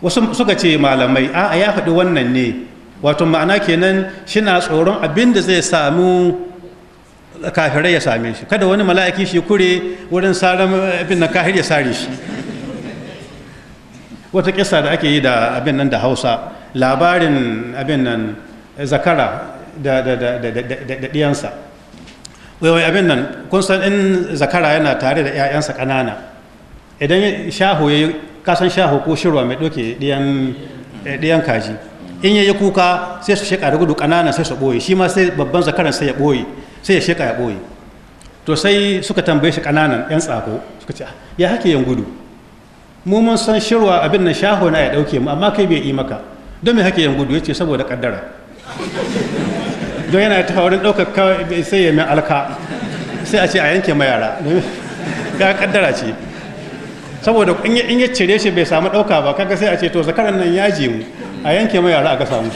wasu suka ce malamai a ya faɗi wannan ne wato ma'ana kenan shina tsoron abin da zai samu kafirai ya same shi kada wani mala'iki shi kure wurin sarar abin na kahir ya sare shi wata kisa da ake yi da abin nan da hausa labarin abin nan eh, zakara da ɗiyansa wai abin nan kun san in zakara yana tare da 'ya'yansa ƙanana idan shaho ya yi kasan shaho ko shirwa mai ɗauke eh, ɗiyan kaji in ya yi kuka sai su sheƙa da gudu ƙanana sai su ɓoye shi ma sai babban zakaran sai ya ɓoye sai ya sheƙa ya ɓoye to sai suka tambaye shi ƙananan 'yan tsako suka ce ah, ya hake yin gudu mu mun san shirwa abin nan shaho na ya dauke mu amma kai bai yi maka don me hake yan gudu yace saboda kaddara don yana ta wurin daukar sai ya min alka sai a ce a yanke mayara ga kaddara ce saboda in ya cire shi bai samu dauka ba kaga sai a ce to zakaran nan ya je mu a yanke mayara ga samu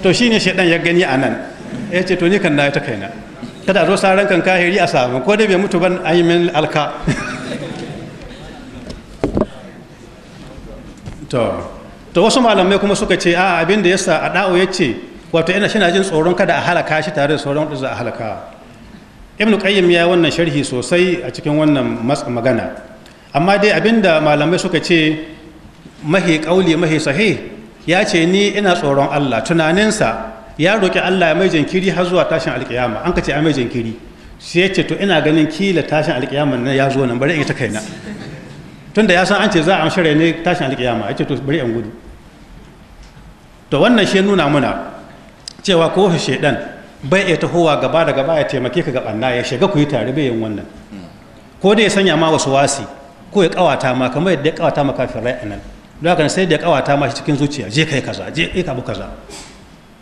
to shine shedan ya gani a nan ya ce to ni kan na ta kaina kada zo sa rankan kahiri a samu ko dai bai mutu ban a yi min alka [laughs] to wasu malamai kuma suka ce a abin da yasa a da'o ya ce wato ina shi jin tsoron kada a halaka shi tare da tsoron da za a halaka ibnu qayyim ya wannan sharhi sosai a cikin wannan magana amma dai abin da malamai suka ce mahi kauli mahi sahih ya ce ni ina tsoron Allah tunaninsa ya roƙi Allah ya mai jinkiri har zuwa tashin alƙiyama an ka ce a mai jinkiri sai ya ce to ina ganin kila tashin alƙiyama na ya zo nan bari in yi ta kaina tunda ya san an ce za a shirya ne tashin alƙiyama ya ce to bari in gudu to wannan shi nuna muna cewa ko shaidan bai iya tahowa gaba da gaba ya taimake ka ga na ya shiga ku yi tare bai yin wannan ko dai ya sanya ma wasu wasi ko ya kawata ma kamar yadda ya kawata ma kafin rai nan don haka sai da ya kawata ma shi cikin zuciya je kai kaza je kai kabu kaza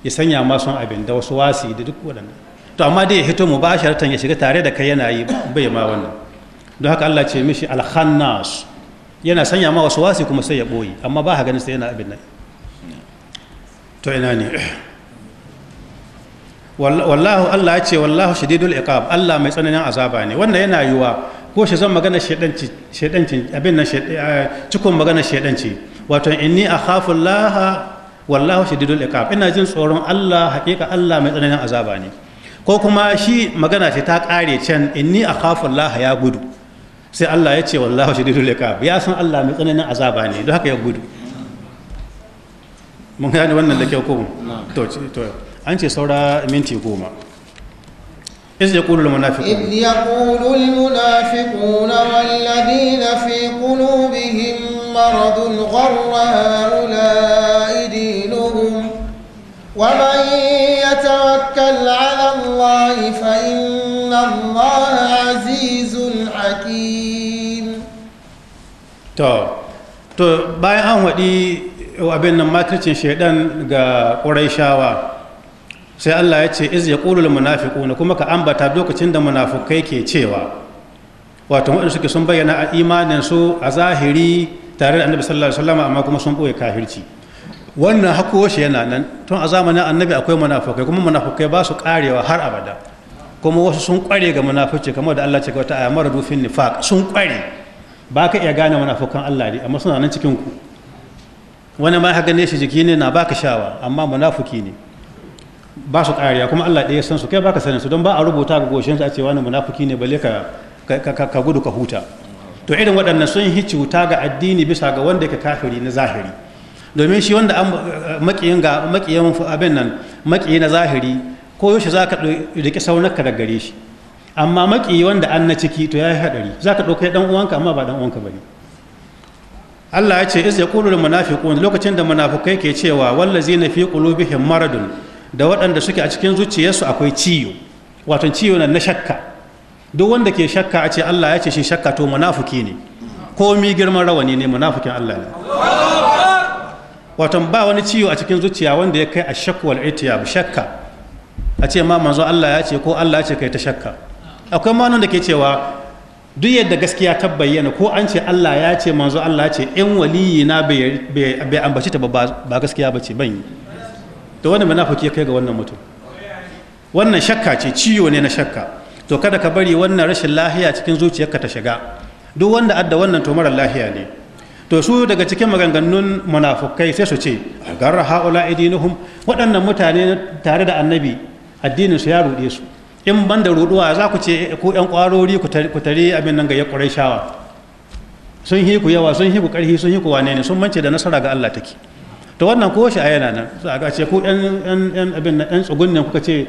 ya sanya masu son abin da wasu wasi da duk waɗannan to amma dai ya hito mu ba sharatan ya shiga tare da kai yana yi bai ma wannan don haka Allah ce mishi alhannas yana sanya ma wasu wasi kuma sai ya ɓoye amma ba ha ganin sai yana abin nan to ina ne wallahu Allah ya ce wallahu shadidul iqab Allah mai tsananin azaba ne wannan yana yiwa ko shi zan magana shedanci shedanci abin nan eh, cikon magana shedanci wato inni akhafu Allah wallahu shadidul iqab ina jin tsoron Allah hakika Allah mai tsananin azaba ne ko kuma shi magana ce ta kare can inni akhafu Allah ya gudu sai Allah ya ce wallahu shadidul iqab ya san Allah mai tsananin azaba ne don haka ya gudu mun gane wannan da kyau ko to to an ce saura minti goma إذ يقول المنافقون إذ يقول المنافقون والذين في قلوبهم مرض غر هؤلاء ومن يتوكل على الله فإن الله عزيز حكيم to to bayan an haɗi abin nan makircin shaidan ga ƙuraishawa sai Allah ya ce iz yaqulul munafiquna kuma ka ambata lokacin da munafukai ke cewa wato waɗanda suke sun bayyana a imanin su a zahiri tare da annabi sallallahu alaihi wasallam amma kuma sun ɓoye kafirci wannan hakuwar shi yana nan tun a zamanin annabi akwai munafukai kuma munafukai ba su karewa har abada kuma wasu sun kware ga munafuci kamar da Allah ce wata aya mara rufin nifaq sun kware ba ka iya gane munafukan Allah ne amma suna nan cikin ku wani ma haka ne shi jiki ne na baka shawa amma munafuki ne ba su kariya kuma Allah ɗaya san su kai baka sanin su don ba a rubuta ga goshin su a ce wani munafuki ne balle ka ka gudu ka huta to irin waɗannan sun hi cuta ga addini bisa ga wanda ka kafiri na zahiri domin shi wanda makiyin ga makiyin abin nan makiyi na zahiri ko yaushe za ka riƙe saunarka da gare shi amma makiyi wanda an na ciki to ya yi haɗari za ka ɗauka ɗan uwanka amma ba ɗan uwanka ba ne Allah ya ce iz yaqulu lil munafiqun lokacin da munafukai ke cewa na fi bihin maradun da waɗanda suke a cikin zuciyarsu akwai ciyo wato ciyo na shakka duk wanda ke shakka a ce Allah ya ce shi shakka to munafuki ne komi girman rawani ne munafukin Allah ne watan ba wani ciwo a cikin zuciya wanda ya kai a shakwal itiyab shakka a ce ma manzo Allah ya ce ko Allah ya ce kai ta shakka akwai ma da ke cewa duk yadda gaskiya ta bayyana ko an ce Allah ya ce manzo Allah ya ce in waliyi na bai ambaci ta ba gaskiya ba ce ban yi to wani munafiki ya kai ga wannan mutum wannan shakka ce ciwo ne na shakka to kada ka bari wannan rashin lahiya cikin zuciyarka ta shiga duk wanda adda wannan to mara lahiya ne to su daga cikin maganganun munafukai sai su ce a garra haula idinuhum waɗannan mutane tare da annabi addinin su ya ruɗe su in ban da ruɗuwa za ku ce ku ƴan ƙwarori ku tare abin nan ga ya shawa sun hi ku yawa sun hi ku ƙarfi sun hi ku wane ne sun mance da nasara ga Allah take to wannan ko shi yana nan za a ce ku ƴan abin nan ƴan tsugunnin kuka ce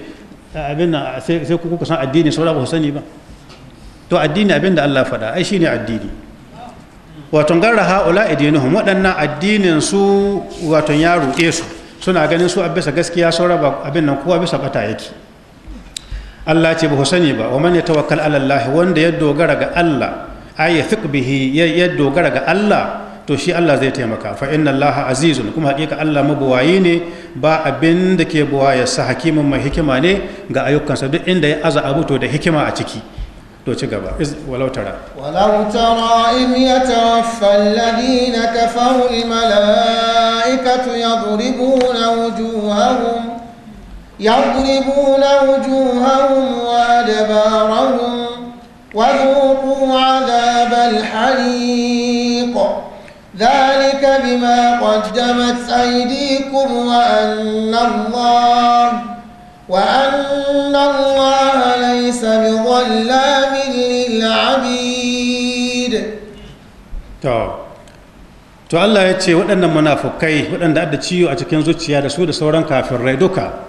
abin nan sai kuka san addini saura ba ku sani ba to addini abin da Allah faɗa ai shine addini wato gara ha'ula idinuhum waɗannan addinin su wato ya ruɗe su suna ganin su a bisa gaskiya sun raba abin nan kowa bisa bata yake Allah ce ba ku sani ba wa man yatawakkal ala Allah wanda ya dogara ga Allah ay fiq bihi ya dogara ga Allah to shi Allah zai taimaka fa inna Allah azizun kuma hakika Allah mabuwayi ne ba abin da ke sa hakimin mai hikima ne ga ayyukansa duk inda ya aza abu to da hikima a ciki to ci gaba iz walau tara walau tara in yatawaffa alladhina kafaru almalaikatu yadribuna wujuhahum يضربون وجوههم وأدبارهم وذوقوا عذاب الحريق ذلك بما قدمت أيديكم وأن الله وأن الله ليس بظلام to Allah ya ce waɗannan munafukai waɗanda da ciwo a cikin zuciya da su da sauran kafirai duka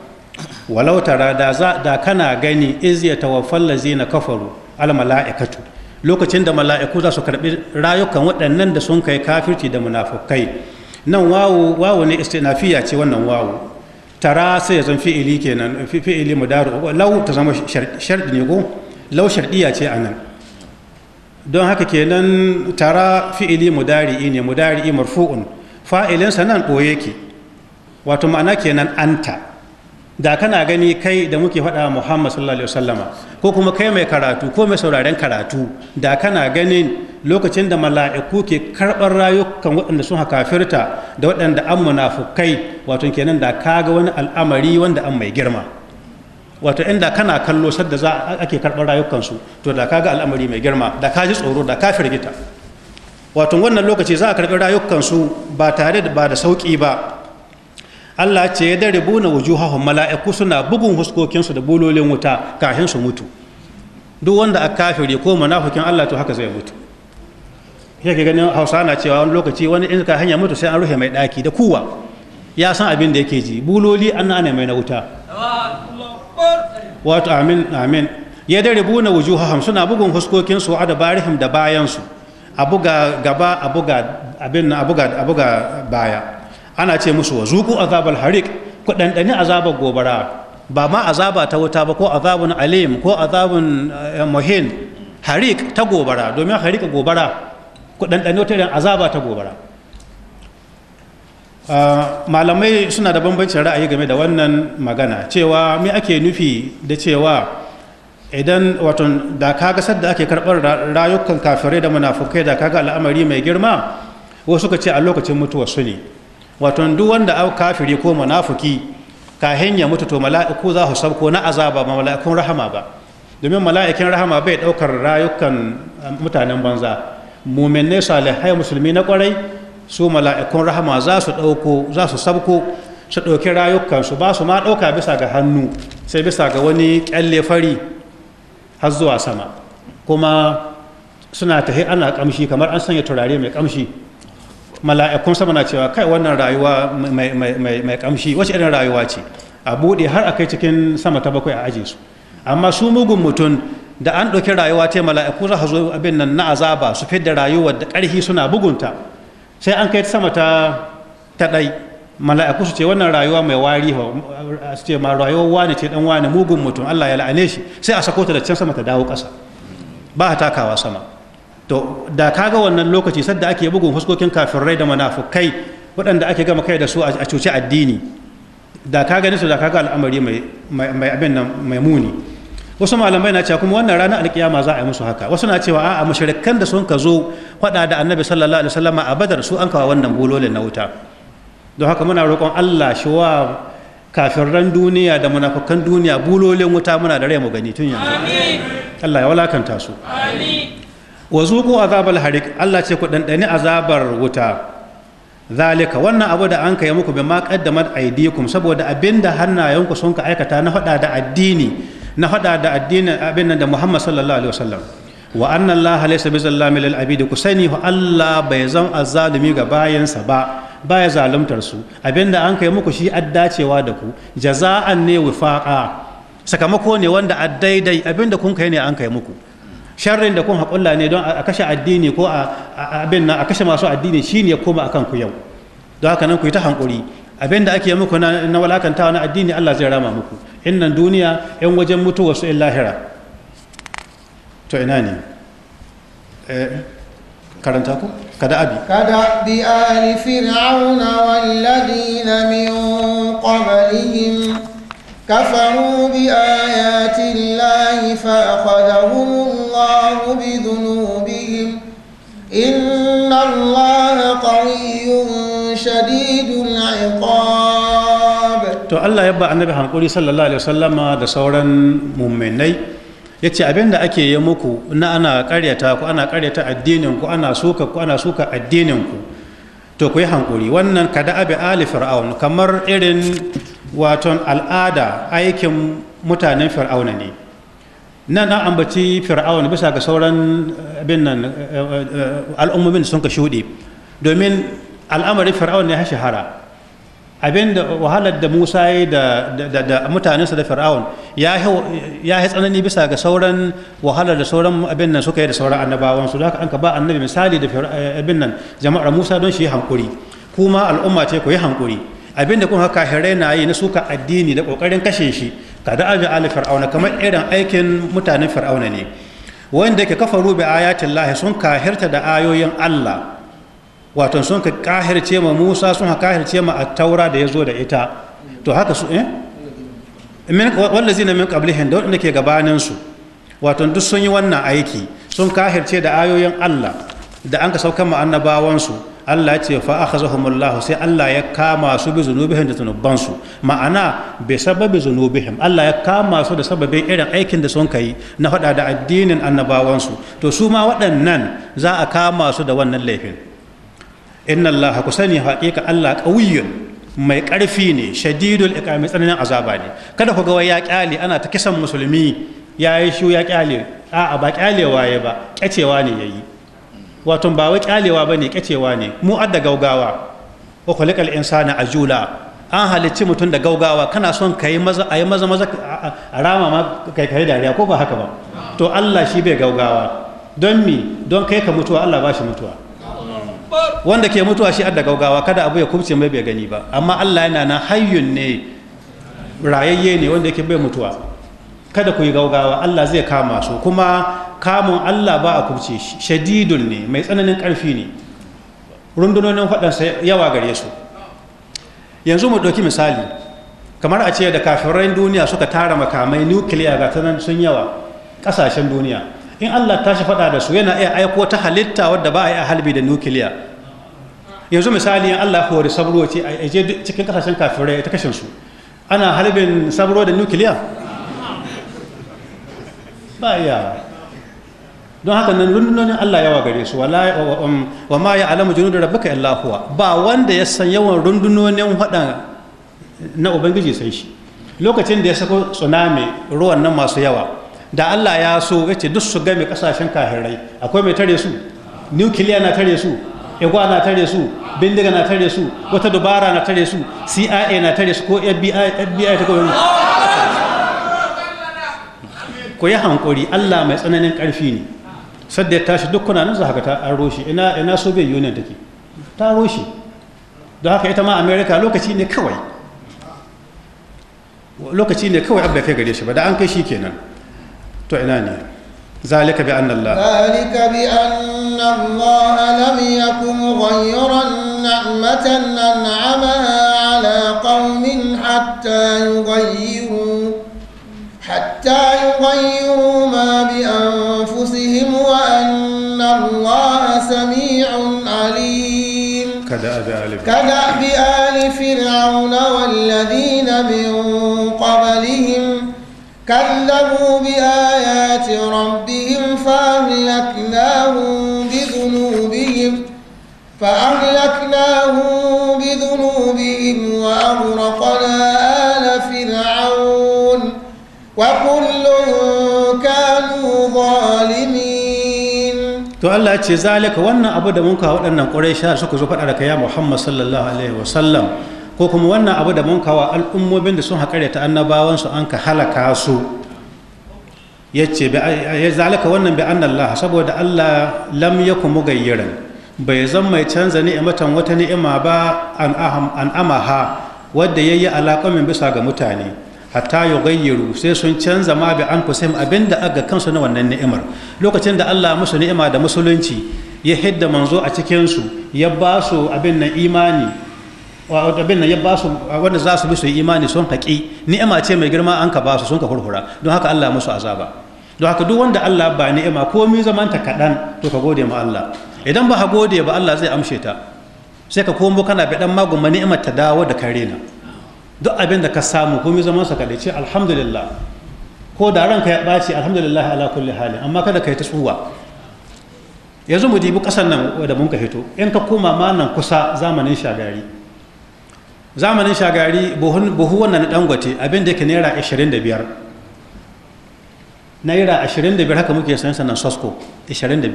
walau tara da za da kana gani iz ya tawaffal lazina kafaru al mala'ikatu lokacin da mala'iku za su karɓi rayukan waɗannan da sun kai kafirci da munafukai nan wawo ne istinafiya ce wannan wawu tara sai zan fi'ili kenan fi'ili mudaru lau ta zama shardi ne ko lau shardiya ce a nan don haka kenan tara fi'ili mudari'i ne mudari'i marfu'un fa'ilinsa nan ɓoye ke wato ma'ana kenan anta da kana gani kai da muke faɗa muhammad sallallahu alaihi wasallama ko kuma kai mai karatu ko mai sauraren karatu da kana ganin lokacin da mala'iku ke karɓar rayukan waɗanda sun haka firta da waɗanda an munafukai wato kenan da kaga wani al'amari wanda an mai girma wato inda kana kallo sadda za ake karɓar rayukansu to da ka ga al'amari mai girma da ka ji tsoro da ka firgita wato wannan lokaci za a karɓi rayukansu ba tare da ba da sauƙi ba Allah ce ya dare buna wuju hahun mala'iku suna bugun huskokinsu da bulolin wuta kafin su mutu duk wanda a kafiri ko munafukin Allah to haka zai mutu yake ganin Hausa na cewa wani lokaci wani in ka hanya mutu sai an rufe mai ɗaki da kuwa ya san abin da yake ji buloli an ana mai na wuta wato amin amin ya da wuju wujuhahum suna bugun huskokin su da barihim da bayan su a buga gaba a buga abin na buga a buga baya ana ce musu wa zuku azabal harik ku dandani azabar gobara ba ma azaba ta wuta ba ko azabun alim ko azabun eh, muhin harik ta gobara domin harik gobara ku dandani wata azaba ta gobara Uh, malamai suna da bambancin ra'ayi game da wannan magana cewa me ake nufi da cewa idan wato da ga sadda ake karɓar rayukan kafirai da munafukai da ka ga al'amari mai girma wasu suka ce a lokacin mutuwa su ne wato duk wanda kafiri ko munafuki ka hanya mutu to mala'iku za su sabko na azaba ba mala'ikun rahama ba domin mala'ikin rahama bai ɗaukar rayukan uh, mutanen banza muminai salihai musulmi na kwarai su mala'ikun rahama za su ɗauko za su sabko su ɗauki rayukansu ba su ma ɗauka bisa ga hannu sai bisa ga wani ƙyalle fari har zuwa sama kuma suna tahi ana ƙamshi kamar an sanya turare mai ƙamshi mala'ikun sama na cewa kai wannan rayuwa mai ƙamshi wacce irin rayuwa ce a buɗe har a kai cikin sama ta bakwai a aje su amma su mugun mutum da an ɗauki rayuwa ta mala'iku za su zo abin nan na azaba su fidda rayuwa da ƙarfi suna bugunta sai an kai sama ta taɗai ɗai mala'iku su ce wannan rayuwa mai wari su ce ma rayuwar wani ce dan wani mugun mutum Allah ya la'ane shi sai a sako ta da can sama ta dawo ƙasa ba ta takawa sama to da kaga wannan lokaci sadda ake bugun fuskokin kafirai da munafukai waɗanda ake gama kai da su a cuci addini da ka kaga nisa da kaga al'amari mai abin nan mai muni wasu malamai na cewa kuma wannan ranar alkiyama za a yi musu haka wasu na cewa a'a mushrikan da sun ka zo faɗa da annabi sallallahu alaihi wasallama a badar su an kawo wannan bulolin na wuta don haka muna roƙon Allah shi wa kafirran duniya da munafukan duniya bulolin wuta muna da rai mu gani tun yanzu Allah ya walakanta su wa zuqu azabal harik Allah ce ku dandani azabar wuta zalika wannan abu da an kai muku bima qaddamat aydikum saboda abinda hannayenku sun ka aikata na faɗa da addini na haɗa da addinin abin da Muhammad sallallahu alaihi wasallam wa anna Allah laysa bizallami lil abid ku sani Allah bai zan azzalumi ga bayansa ba baya zaluntar su abinda an kai muku shi addacewa da ku jaza'an ne wifaqa sakamako ne wanda addaidai abinda kun kai ne an kai muku sharrin da kun haƙulla ne don a kashe addini ko a abin nan a kashe masu addini shine ya koma akan ku yau don haka nan ku yi ta hankuri abinda ake muku na walakantawa na addini Allah zai rama muku Innan duniya yan wajen mutuwa su in lahira to ina ne eh, karanta ku kada abi kada bi ali fir'auna walladina min qablihim kafaru bi ayati llahi fa akhadahum allah bi dhunubihim in to Allah ya ba annabi hankuri sallallahu alaihi wasallama da sauran mumminai ya ce abin da ake yi muku na ana karyata ku ana karyata addinin ku ana suka ku ana suka addinin ku to ku yi hankuri wannan kada abi ali fir'aun kamar irin waton al'ada aikin mutanen fir'auna ne nan an ambaci fir'aun bisa ga sauran eh, abin nan eh, eh, al'ummomin sun ka shuɗe domin al'amarin fir'aun ne ya shahara abin da wahalar da musa ya da da mutanensa da fir'aun ya yi tsanani bisa ga sauran wahalar da sauran abin nan suka yi da sauran annabawan su haka an ka ba annabi misali da eh, abin nan jama'ar musa don shi yi hankuri kuma al'umma ce ku yi hankuri abin da kuma kahirai na yi na suka addini da kokarin kashe shi ka da aji ali fir'auna kamar irin aikin mutanen fir'auna ne wanda ke kafa rubi ayatin lahi sun kahirta da ayoyin allah wato sun ka kahirce ma musa sun ka kahirce ma taura da ya zo da ita to haka su eh wallazi na min qablihin da wanda ke gabanin su wato duk sun yi wannan aiki sun kahirce da ayoyin Allah da an ka saukan ma annabawan su Allah ce fa akhazahumullahu sai Allah ya kama su bi zunubihim da zunuban su ma'ana bi sababi zunubihim Allah ya kama su da sababin irin aikin da sun kai na hada da addinin annabawan su to su ma waɗannan za a kama su da wannan laifin inna allaha ku sani haƙiƙa allah ƙauyin mai ƙarfi ne shadidul iqami tsananin azaba ne kada ku ga wai ya ƙyale ana ta kisan musulmi ya yi shu ya ƙyale a'a ba ƙyalewa ya ba ƙyacewa ne ya yi wato ba wai ƙyalewa ba ne ƙyacewa ne mu adda gaugawa wa khuliqal a jula. an halicci mutum da gaugawa kana son ka yi maza a yi maza maza a rama ma kai kai dariya ko ba haka ba to Allah shi bai gaugawa don mi don kai ka mutuwa Allah ba shi mutuwa wanda ke mutuwa shi adda gaugawa kada abu ya kubce mai bai gani ba amma Allah yana nan hayyun ne rayayye ne wanda yake bai mutuwa kada ku yi gaugawa Allah zai kama su kuma kamun Allah ba a kubce shi shadidun ne mai tsananin karfi ne rundunonin faɗansa yawa gare su yanzu mu ɗauki misali kamar a ce da kafirai duniya suka tara makamai nukiliya ga tanan sun yawa ƙasashen duniya in Allah ta shi fada da su yana iya aiko ta halitta wadda ba a yi a halbi da nukiliya yanzu misali in Allah hori sabro ce a je cikin kasashen kafirai ta kashe su ana halbin sabro da nukiliya ba iya don haka nan rundunonin Allah yawa gare su um, wa ma ya alamu junudu da illa huwa ba wanda ya san yawan rundunonin hada na ubangiji sai shi lokacin da ya sako tsunami ruwan nan masu yawa da Allah ya so ya ce duk su game kasashen kahirai akwai mai tare su nukiliya na tare su igwa na tare su bindiga na tare su wata dubara na tare su CIA na tare su ko FBI FBI ta kawai ko yi hankuri Allah mai tsananin karfi ne sadda ya tashi duk kuna nan za haka ta aro shi ina ina Soviet Union take ta aro shi don haka ita ma America lokaci ne kawai lokaci ne kawai abu da kai gare shi ba da an kai shi kenan تعلاني ذلك بأن الله ذلك بأن الله لم يكن غير نعمة أنعمها على قوم حتى يغيروا حتى يغيروا ما بأنفسهم وأن الله سميع عليم كدأ بآل فرعون والذين من قبلهم كذبوا بآل آيات ربهم فأهلكناهم بذنوبهم فأهلكناهم بذنوبهم وأغرقنا آل فرعون وكل كانوا to Allah ce zalika wannan abu da mun kawo waɗannan ƙuraysha suka zo faɗa da kai Muhammad sallallahu alaihi ko kuma wannan abu da mun kawo al'ummomin da sun haƙare ta annabawansu an ka halaka su yace ya zalaka wannan bi anna saboda Allah lam yakun mugayyiran bai zan mai canza ni'imatan wata ni'ima ba an aham an amaha wanda yayi min bisa ga mutane hatta yugayyiru sai sun canza ma bi an anfusihim abinda aga kansu na wannan ni'imar lokacin da Allah musu ni'ima da musulunci ya hidda manzo a cikin su ya ba su abin nan imani abin nan ya ba su wanda za su bi su imani sun haƙi ni'ima ce mai girma an ka ba su sun ka hurhura don haka Allah musu azaba don haka duk wanda Allah ba ni'ima zaman zamanta kaɗan to ka gode ma Allah idan ba ka gode ba Allah zai amshe ta sai ka komo kana bi dan ma ni'imar ta dawo da kare na duk abin da ka samu komi zaman sa kaɗai ce alhamdulillah ko da ranka ya ɓaci alhamdulillah ala kulli halin amma kada ka yi ta tsuwa yanzu mu dibi ƙasar nan da mun ka fito in ka koma ma nan kusa zamanin shagari zamanin shagari buhu wannan dangote abin da yake naira 25 naira 25 haka muke sayan sannan sosko 25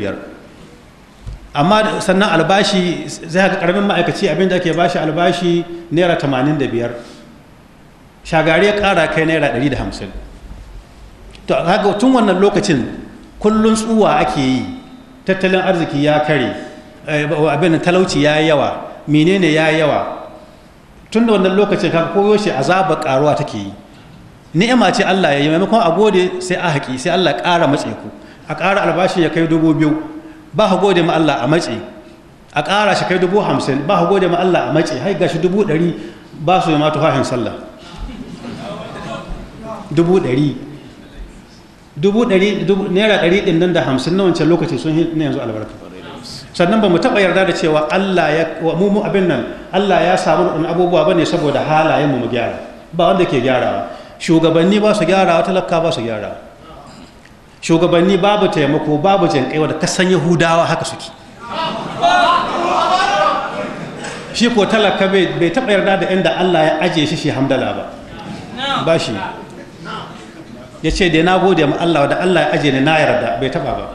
amma sannan albashi zai haka karamin ma'aikaci abinda ake bashi albashi naira 85 shagari ya kara kai naira 150 to haka tun wannan lokacin kullun tsuwa ake yi tattalin arziki ya kare eh, abin talauci ya yi yawa menene ya yi yawa tun da wannan lokacin haka koyo shi azaba karuwa take yi ni'ima ce Allah ya yi maimakon a gode sai a haƙi sai Allah ƙara matse ku a ƙara albashin ya kai dubu biyu ba ha gode ma Allah a matse a ƙara shi kai dubu hamsin ba ha gode ma Allah a matse hai gashi dubu ɗari ba su ma tuhahin sallah dubu ɗari dubu ɗari naira ɗari ɗin nan da hamsin na wancan lokaci sun yi na yanzu albarka sannan ba mu taɓa yarda da cewa Allah ya wa mu abin nan Allah ya samu abubuwa ba ne saboda halayen mu mu gyara ba wanda ke gyarawa shugabanni ba su gyara talaka ba su gyara shugabanni babu taimako babu jinƙaiwa da kasan yahudawa haka suke shi ko talaka bai taɓa yarda da inda allah ya ajiye shi shi hamdala ba ba shi ya ce dai na gode ma allah da allah ya ajiye ne na yarda bai taɓa ba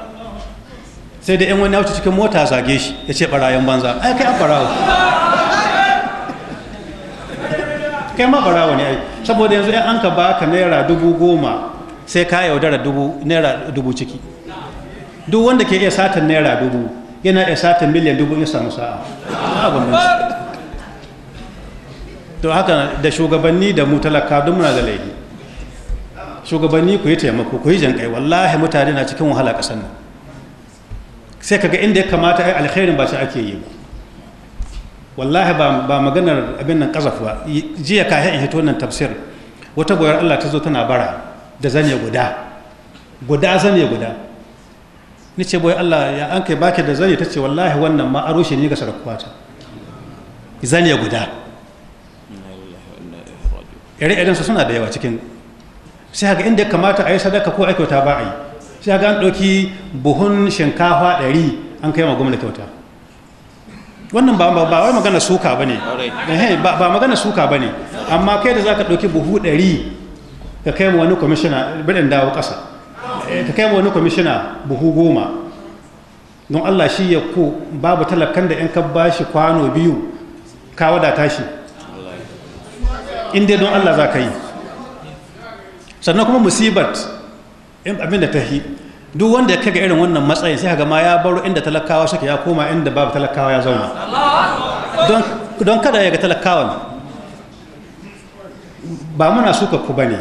sai da yan wani ya wuce cikin mota zage shi ya ce ɓarayen banza ai kai an barawa kai ma bara ne ai saboda yanzu an ka baka naira dubu goma sai ka yaudara dubu naira dubu ciki duk wanda ke iya satan naira dubu yana iya satan miliyan dubu ya samu sa'a to haka da shugabanni da mu talaka duk muna da laifi shugabanni ku yi taimako ku yi jankai wallahi mutane na cikin wahala kasan nan sai kaga inda ya kamata ai alkhairin ba shi ake yi ba wallahi ba maganar abin nan kasaf ba jiya ka in hito nan tafsir wata goyar Allah ta zo tana bara da zane guda guda zane guda ni ce boye Allah ya an kai baki da zane ta ce wallahi wannan ma arushe shi ne ga sarakwata zane guda yare iren su suna da yawa cikin sai haka inda ya kamata a yi sadaka ko aikata ba a yi sai haka an ɗauki buhun shinkafa ɗari an kai ma gwamnati kyauta wannan ba wai magana suka ba ne ba magana suka ba ne amma kai da za ka ɗauki buhu ɗari ka kai ma wani kwamishina bidan dawo ƙasa ka kai ma wani kwamishina buhu goma don allah shi ya ko babu talakan da 'yan ka ba kwano biyu ka wadata shi in dai don allah za ka yi sannan kuma musibat abin da ta yi duk wanda ya kaga irin wannan matsayin sai ga ma ya baro inda talakawa suke ya koma inda babu talakawa ya zauna don kada ya ga talakawan ba muna suka ku bane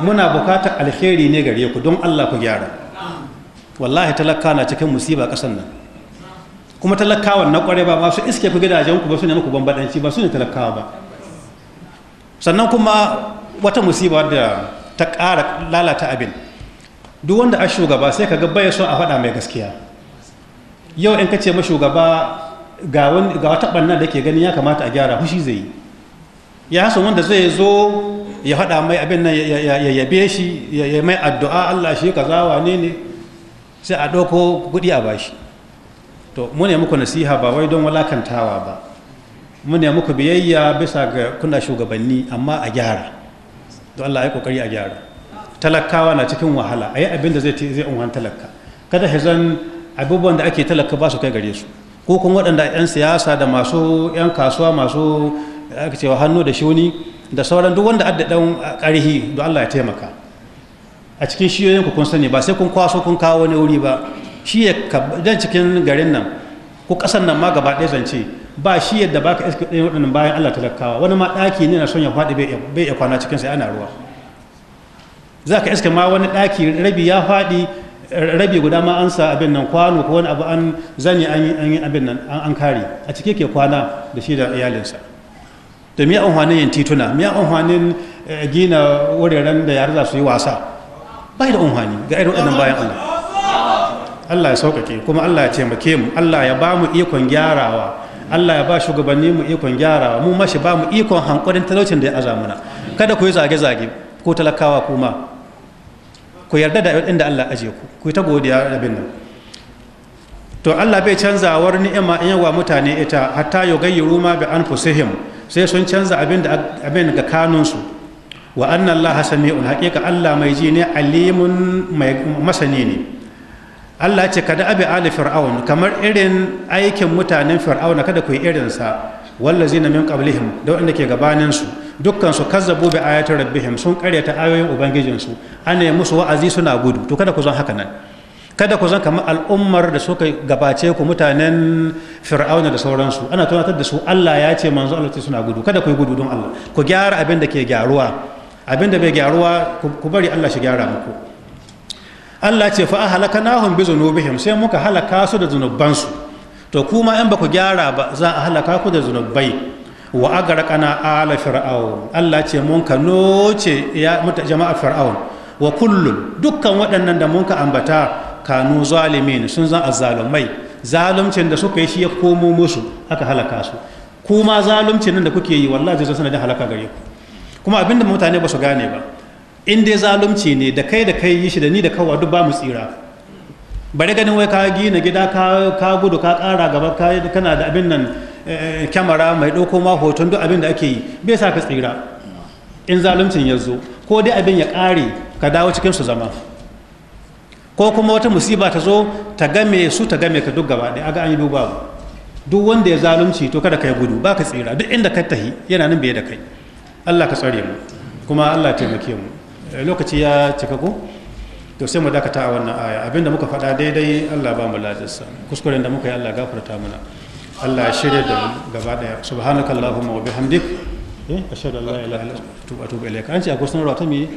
muna bukatar alheri ne gare ku don Allah ku gyara wallahi talakawa na cikin musiba kasan nan kuma talakawan na kware ba su iske ku gidajen ku ba su ne muku bambadanci ba su ne talakawa ba sannan kuma wata musiba da ta ƙara lalata abin duk wanda a shugaba sai ka baya son a faɗa mai gaskiya yau in ka ce ma shugaba ga wata ɓanna da ke gani ya kamata a gyara fushi zai yi ya hasan wanda zai zo ya faɗa mai abin nan ya yabe shi ya mai addu'a Allah shi kaza wane ne sai a ɗauko kuɗi a bashi to mu ne muku nasiha ba wai don walakantawa ba mu ne muku biyayya bisa ga kuna shugabanni amma a gyara don Allah ya kokari a gyara talakawa na cikin wahala a yi abin da zai zai unhan talaka kada zan abubuwan da ake talaka ba su kai gare su ko waɗanda 'yan siyasa da masu 'yan kasuwa masu ake cewa hannu da shuni da sauran duk wanda adda dan ƙarihi don Allah ya taimaka a cikin shiyoyin ku kun sani ba sai kun kwaso kun kawo wani wuri ba shi ya dan cikin garin nan ku ƙasan nan ma gaba ɗaya zance ba shi yadda baka iske ɗaya waɗannan bayan Allah talakawa wani ma ɗaki ne na son ya faɗi bai ya kwana cikin sai ana ruwa za ka iska ma wani ɗaki rabi ya faɗi rabi guda ma an sa abin nan kwano ko wani abu an zane an yi abin nan an kare a cike ke kwana da shi da iyalinsa da miya amfanin yin tituna miya amfanin eh, gina wuraren da yara za su yi wasa bai da amfani ga irin wannan bayan Allah Allah ya sauƙaƙe kuma Allah ya taimake mu Allah ya ba mu ikon gyarawa Allah ya ba shugabanni mu ikon gyarawa mu mashi ba mu ikon hankulin talaucin da ya azamuna kada ku yi zage-zage ko talakawa kuma ku yarda da inda Allah aje ku ku ta godiya da bin nan to Allah bai canza war ni'ima in yawa mutane ita hatta yughayyiru ma bi anfusihim sai sun canza abin da abin ga kanunsu wa anna Allah sami'un haqiqa Allah mai ji ne alimun mai masani ne Allah ce kada abi ali fir'aun kamar irin aikin mutanen fir'auna kada ku yi irinsa wallazina min qablihim da wanda ke gabanin su dukkan su kazzabu bi ayati rabbihim sun karyata ayoyin ubangijinsu an yi musu wa'azi suna gudu to kada ku zan haka nan kada ku zan kamar al'ummar da suka gabace ku mutanen fir'auna da sauransu ana tunatar da su Allah ya ce manzo Allah suna gudu kada ku yi gudu don Allah ku gyara abin da ke gyaruwa abin da bai gyaruwa ku bari Allah shi gyara muku Allah ce fa ahlaknahum bi zunubihim sai muka halaka su da zunubansu to kuma in ba ku gyara ba za a halaka ku da zunubai wa kana ala fir'aun Allah ce mun ka noce ya muta jama'a fir'aun wa kullun dukkan waɗannan da mun ka ambata kanu zalimin sun zan azzalumai zaluncin da suka yi shi ya komo musu aka halaka su kuma zalumcin nan da kuke yi wallahi zai sanar da halaka gare ku kuma abinda mutane ba su gane ba in dai zalunci ne da kai da kai yi shi da ni da kawa duk ba mu tsira bari ganin wai ka gina gida ka gudu ka kara gaba kana da abin nan Eh, eh, kyamara mai ɗauko ma hoton duk abin da ake yi bai sa ka tsira in zaluncin ya zo ko dai abin ya ƙare ka dawo cikin su zama ko kuma wata musiba ta zo ta game su ta game ka duk gaba ɗaya ga an yi duba duk wanda ya zalunci to kada ka yi gudu ba ka tsira duk inda ka tahi yana nan bai da kai Allah ka tsare mu kuma Allah taimake mu eh, lokaci ya cika ko to sai mu dakata a wannan aya abinda muka faɗa daidai Allah ba mu lajisa kuskuren da muka yi Allah gafarta mana Allah ya shirya da gaba daya subhanakallahumma wa bihamdik eh ashhadu an la ilaha illa anta astaghfiruka atubu ilaik an ce akwai sanarwa ta me